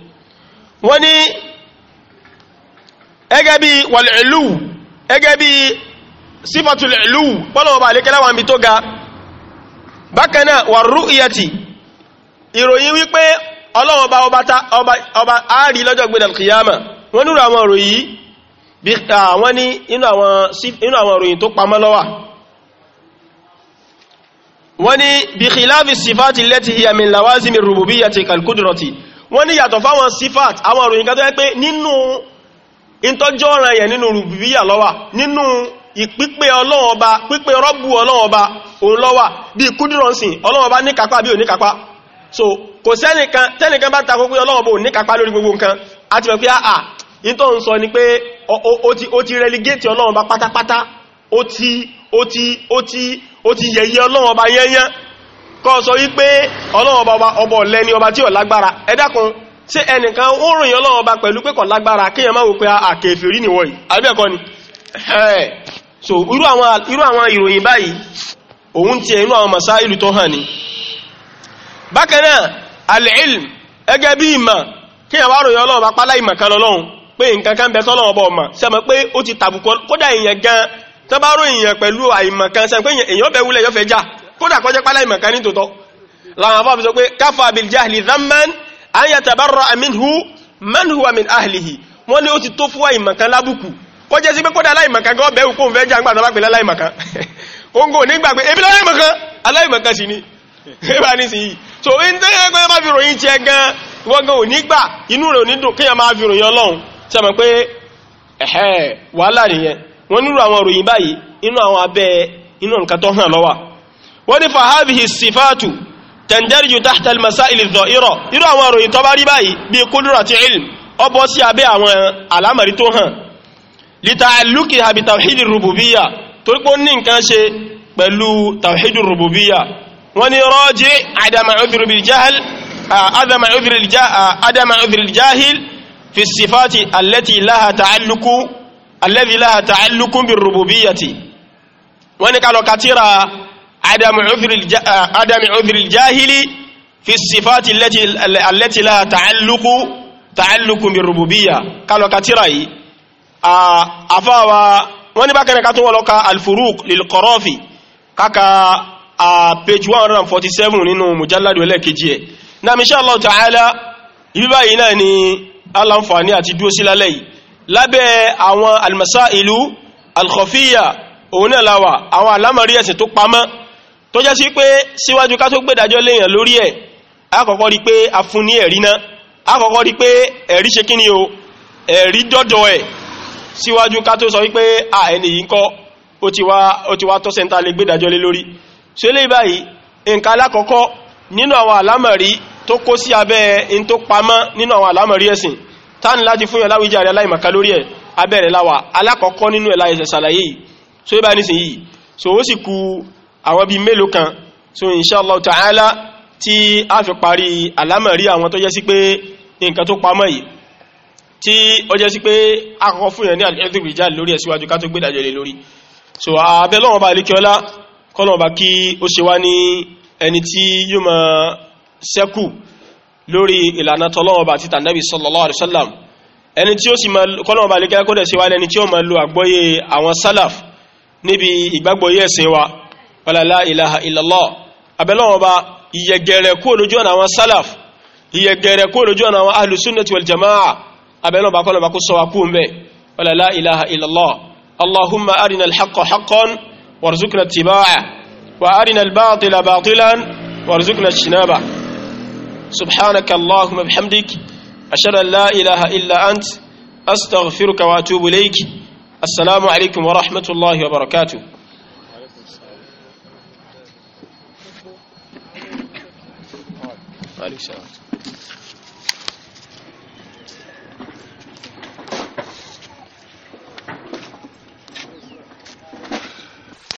wọ́n ní ẹgẹ́ bí wàlẹ̀lú ẹgẹ́ bí sífàtùlẹ̀lú pọ́lọ̀wọ̀bà alékẹ́lá wà ń bí tó ga bákanáà wà rú ìyàtì ìròyìn wípé ọlọ́wọ̀bà ọba ààrí lọ́jọ́ gbẹ̀dẹ̀ kìyàmà wọ́n nínú àwọn ìròyìn bí àwọn ní inú àwọn ìròyìn mi pamọ́ lọ́wà wọ́n ní wọ́n ní yàtọ̀ fáwọn sífàt àwọn òròyìn kan tó yẹ pé nínú ìtọ́jọ́ ọ̀ràn yẹn nínú rùbíyà lọ́wà nínú ìpípé Ọlọ́run Ọba pípé rọ́bù Ọlọ́run Ọba òun lọ́wà bí kúdìrọ̀nsìn Ọlọ́run Ọba níkapá bí ò so kò sẹ́nìkan tẹ́nìkan bá takó pé Ọlọ́run Ọba ò níkapá lórí gbogbo a ti ah, ah, ni pé ó ti relegate Ọlọ́run Ọba pátápátá ó ti yẹ̀yẹ́ Ọlọ́run Ọba yẹ́yẹ́ kọ́ sọ wípé ọlọ́wọ́ ọba ọlẹ́ni ọba tí ó lágbára ẹ dákun tí ẹnìkan o ròyìn ọlọ́wọ́ ọba pẹ̀lú pé lagbara kí kíyàn má wò pé ah, àkèfèrí ni wọ́n yìí àbẹ́ẹ̀kọ́ so irú àwọn ìròyìn báyìí òun ti ẹ̀nú pé nǹkan kan sọ́lọ́wọ́ ọba ọmọ pé ó gan pẹ̀lú kan pé èèyàn kódà kọjẹ́ pálá ìmọ̀ká ní tòótọ́ láwọn afọ́ pé káfà an man huwa min ahlihi wọ́n ní ó ti tó fún àìmọ̀ká lábùkù kọjẹ́ sí pé kódà aláìmọ̀ká gọ́ bẹ̀rù kó ń fẹ́ jàǹgbà tó bá pèlẹ́ ni ẹbá ní a yìí so in tó yẹ pé má fi ròyìn tí ẹ gan wọ́n gan ò nígbà inú rẹ̀ ò ní dùn kíyàn máa fi ròyìn ọlọ́run a mọ̀ pé ẹ̀hẹ́ wọ́n ní fàhábìhì sífàtù tẹ̀ndẹ́rìjù tahta al-masaili adh-dha'ira irú àwọn ìròyìn tó bá rí báyìí bí qudrati ilm ó bọ́ sí abẹ́ àwọn alámàrí tó hàn lita'alluqiha bi tawhidir rububiyya torí pé ó ní nǹkan ṣe pẹ̀lú tawhidir rububiyya wọ́n ní rọ́jì adama udhri bil jahl adama udhri al jahl adama udhri al jahil fi wọ́n ní ká katira عدم عذر الجاهل في الصفات التي التي لا تعلق تعلق بالربوبيه قالوا كتراي افاوا وني باكنا كاتو ولوكا الفروق للقرافي كاكا page 147 nínú mujalladu elekeji e na insha Allah ta'ala ibi báyìí náà ni alamfani àti dúró sí lálẹ́ yìí lábẹ́ àwọn almasailu alkhafiyya òun náà láwà àwọn alámàrí ẹ̀sìn tó tó jẹ́ sí pé síwájú ká tó gbẹ̀dájọ́ léèyàn lórí ẹ̀ àkọ́kọ́ rí pé a fún ní ẹ̀rí náà àkọ́kọ́ rí pé ẹ̀rí ṣe kíni o ẹ̀rí dọ́dọ̀ ẹ̀ síwájú ká tó sọ wípé à ẹni yìí kọ́ ó ti wá ó ti wá tó sẹ́ńtà lè gbẹ̀dájọ́ lé lórí ṣe lè báyìí nǹkan alákọ̀ọ́kọ́ nínú àwọn àlámọ̀rí tó kó sí abẹ́ in tó pamọ́ nínú àwọn àlámọ̀rí ẹ̀sìn táni láti fún yàn àwọn bí mélòó kan so inshallah ta'ala tí a fi parí alámẹ̀rí àwọn tó jẹ́ sí pé nǹkan tó pamọ́ yìí tí ó jẹ́ sí pé akọ̀kọ́ fún yẹn ní àdìrìjá lórí ẹ̀síwájú ká tó gbé ìdájọ́ lórí so abẹ́ lọ́wọ́ bá alikiola kọ́lọ̀ bá kí ó ṣe wá ní ẹni tí yóò sallallahu alaihi wasallam ẹni tí ó sì máa kọ́lọ̀ bá alikiola kó dẹ̀ ṣe wá lẹ́ni tí ó wala la ilaha illallah abẹ́lọ́wọ́ bá ìyẹgẹrẹ kó lójú ọ̀nà àwọn salaf ìyẹgẹrẹ kó lójú ọ̀nà àwọn ahlu sunnati wal jama'a abẹ́lọ́wọ́ bá kọ́lọ̀ bá kó sọ wa kú ń wala la ilaha illallah allahumma arina alhaqqa haqqan warzuqna ittiba'a wa arina albatila batilan warzuqna ijtinaba subhanaka allahumma bihamdik ashhadu an la ilaha illa ant astaghfiruka wa atubu ilayk assalamu alaikum wa rahmatullahi Alexandre.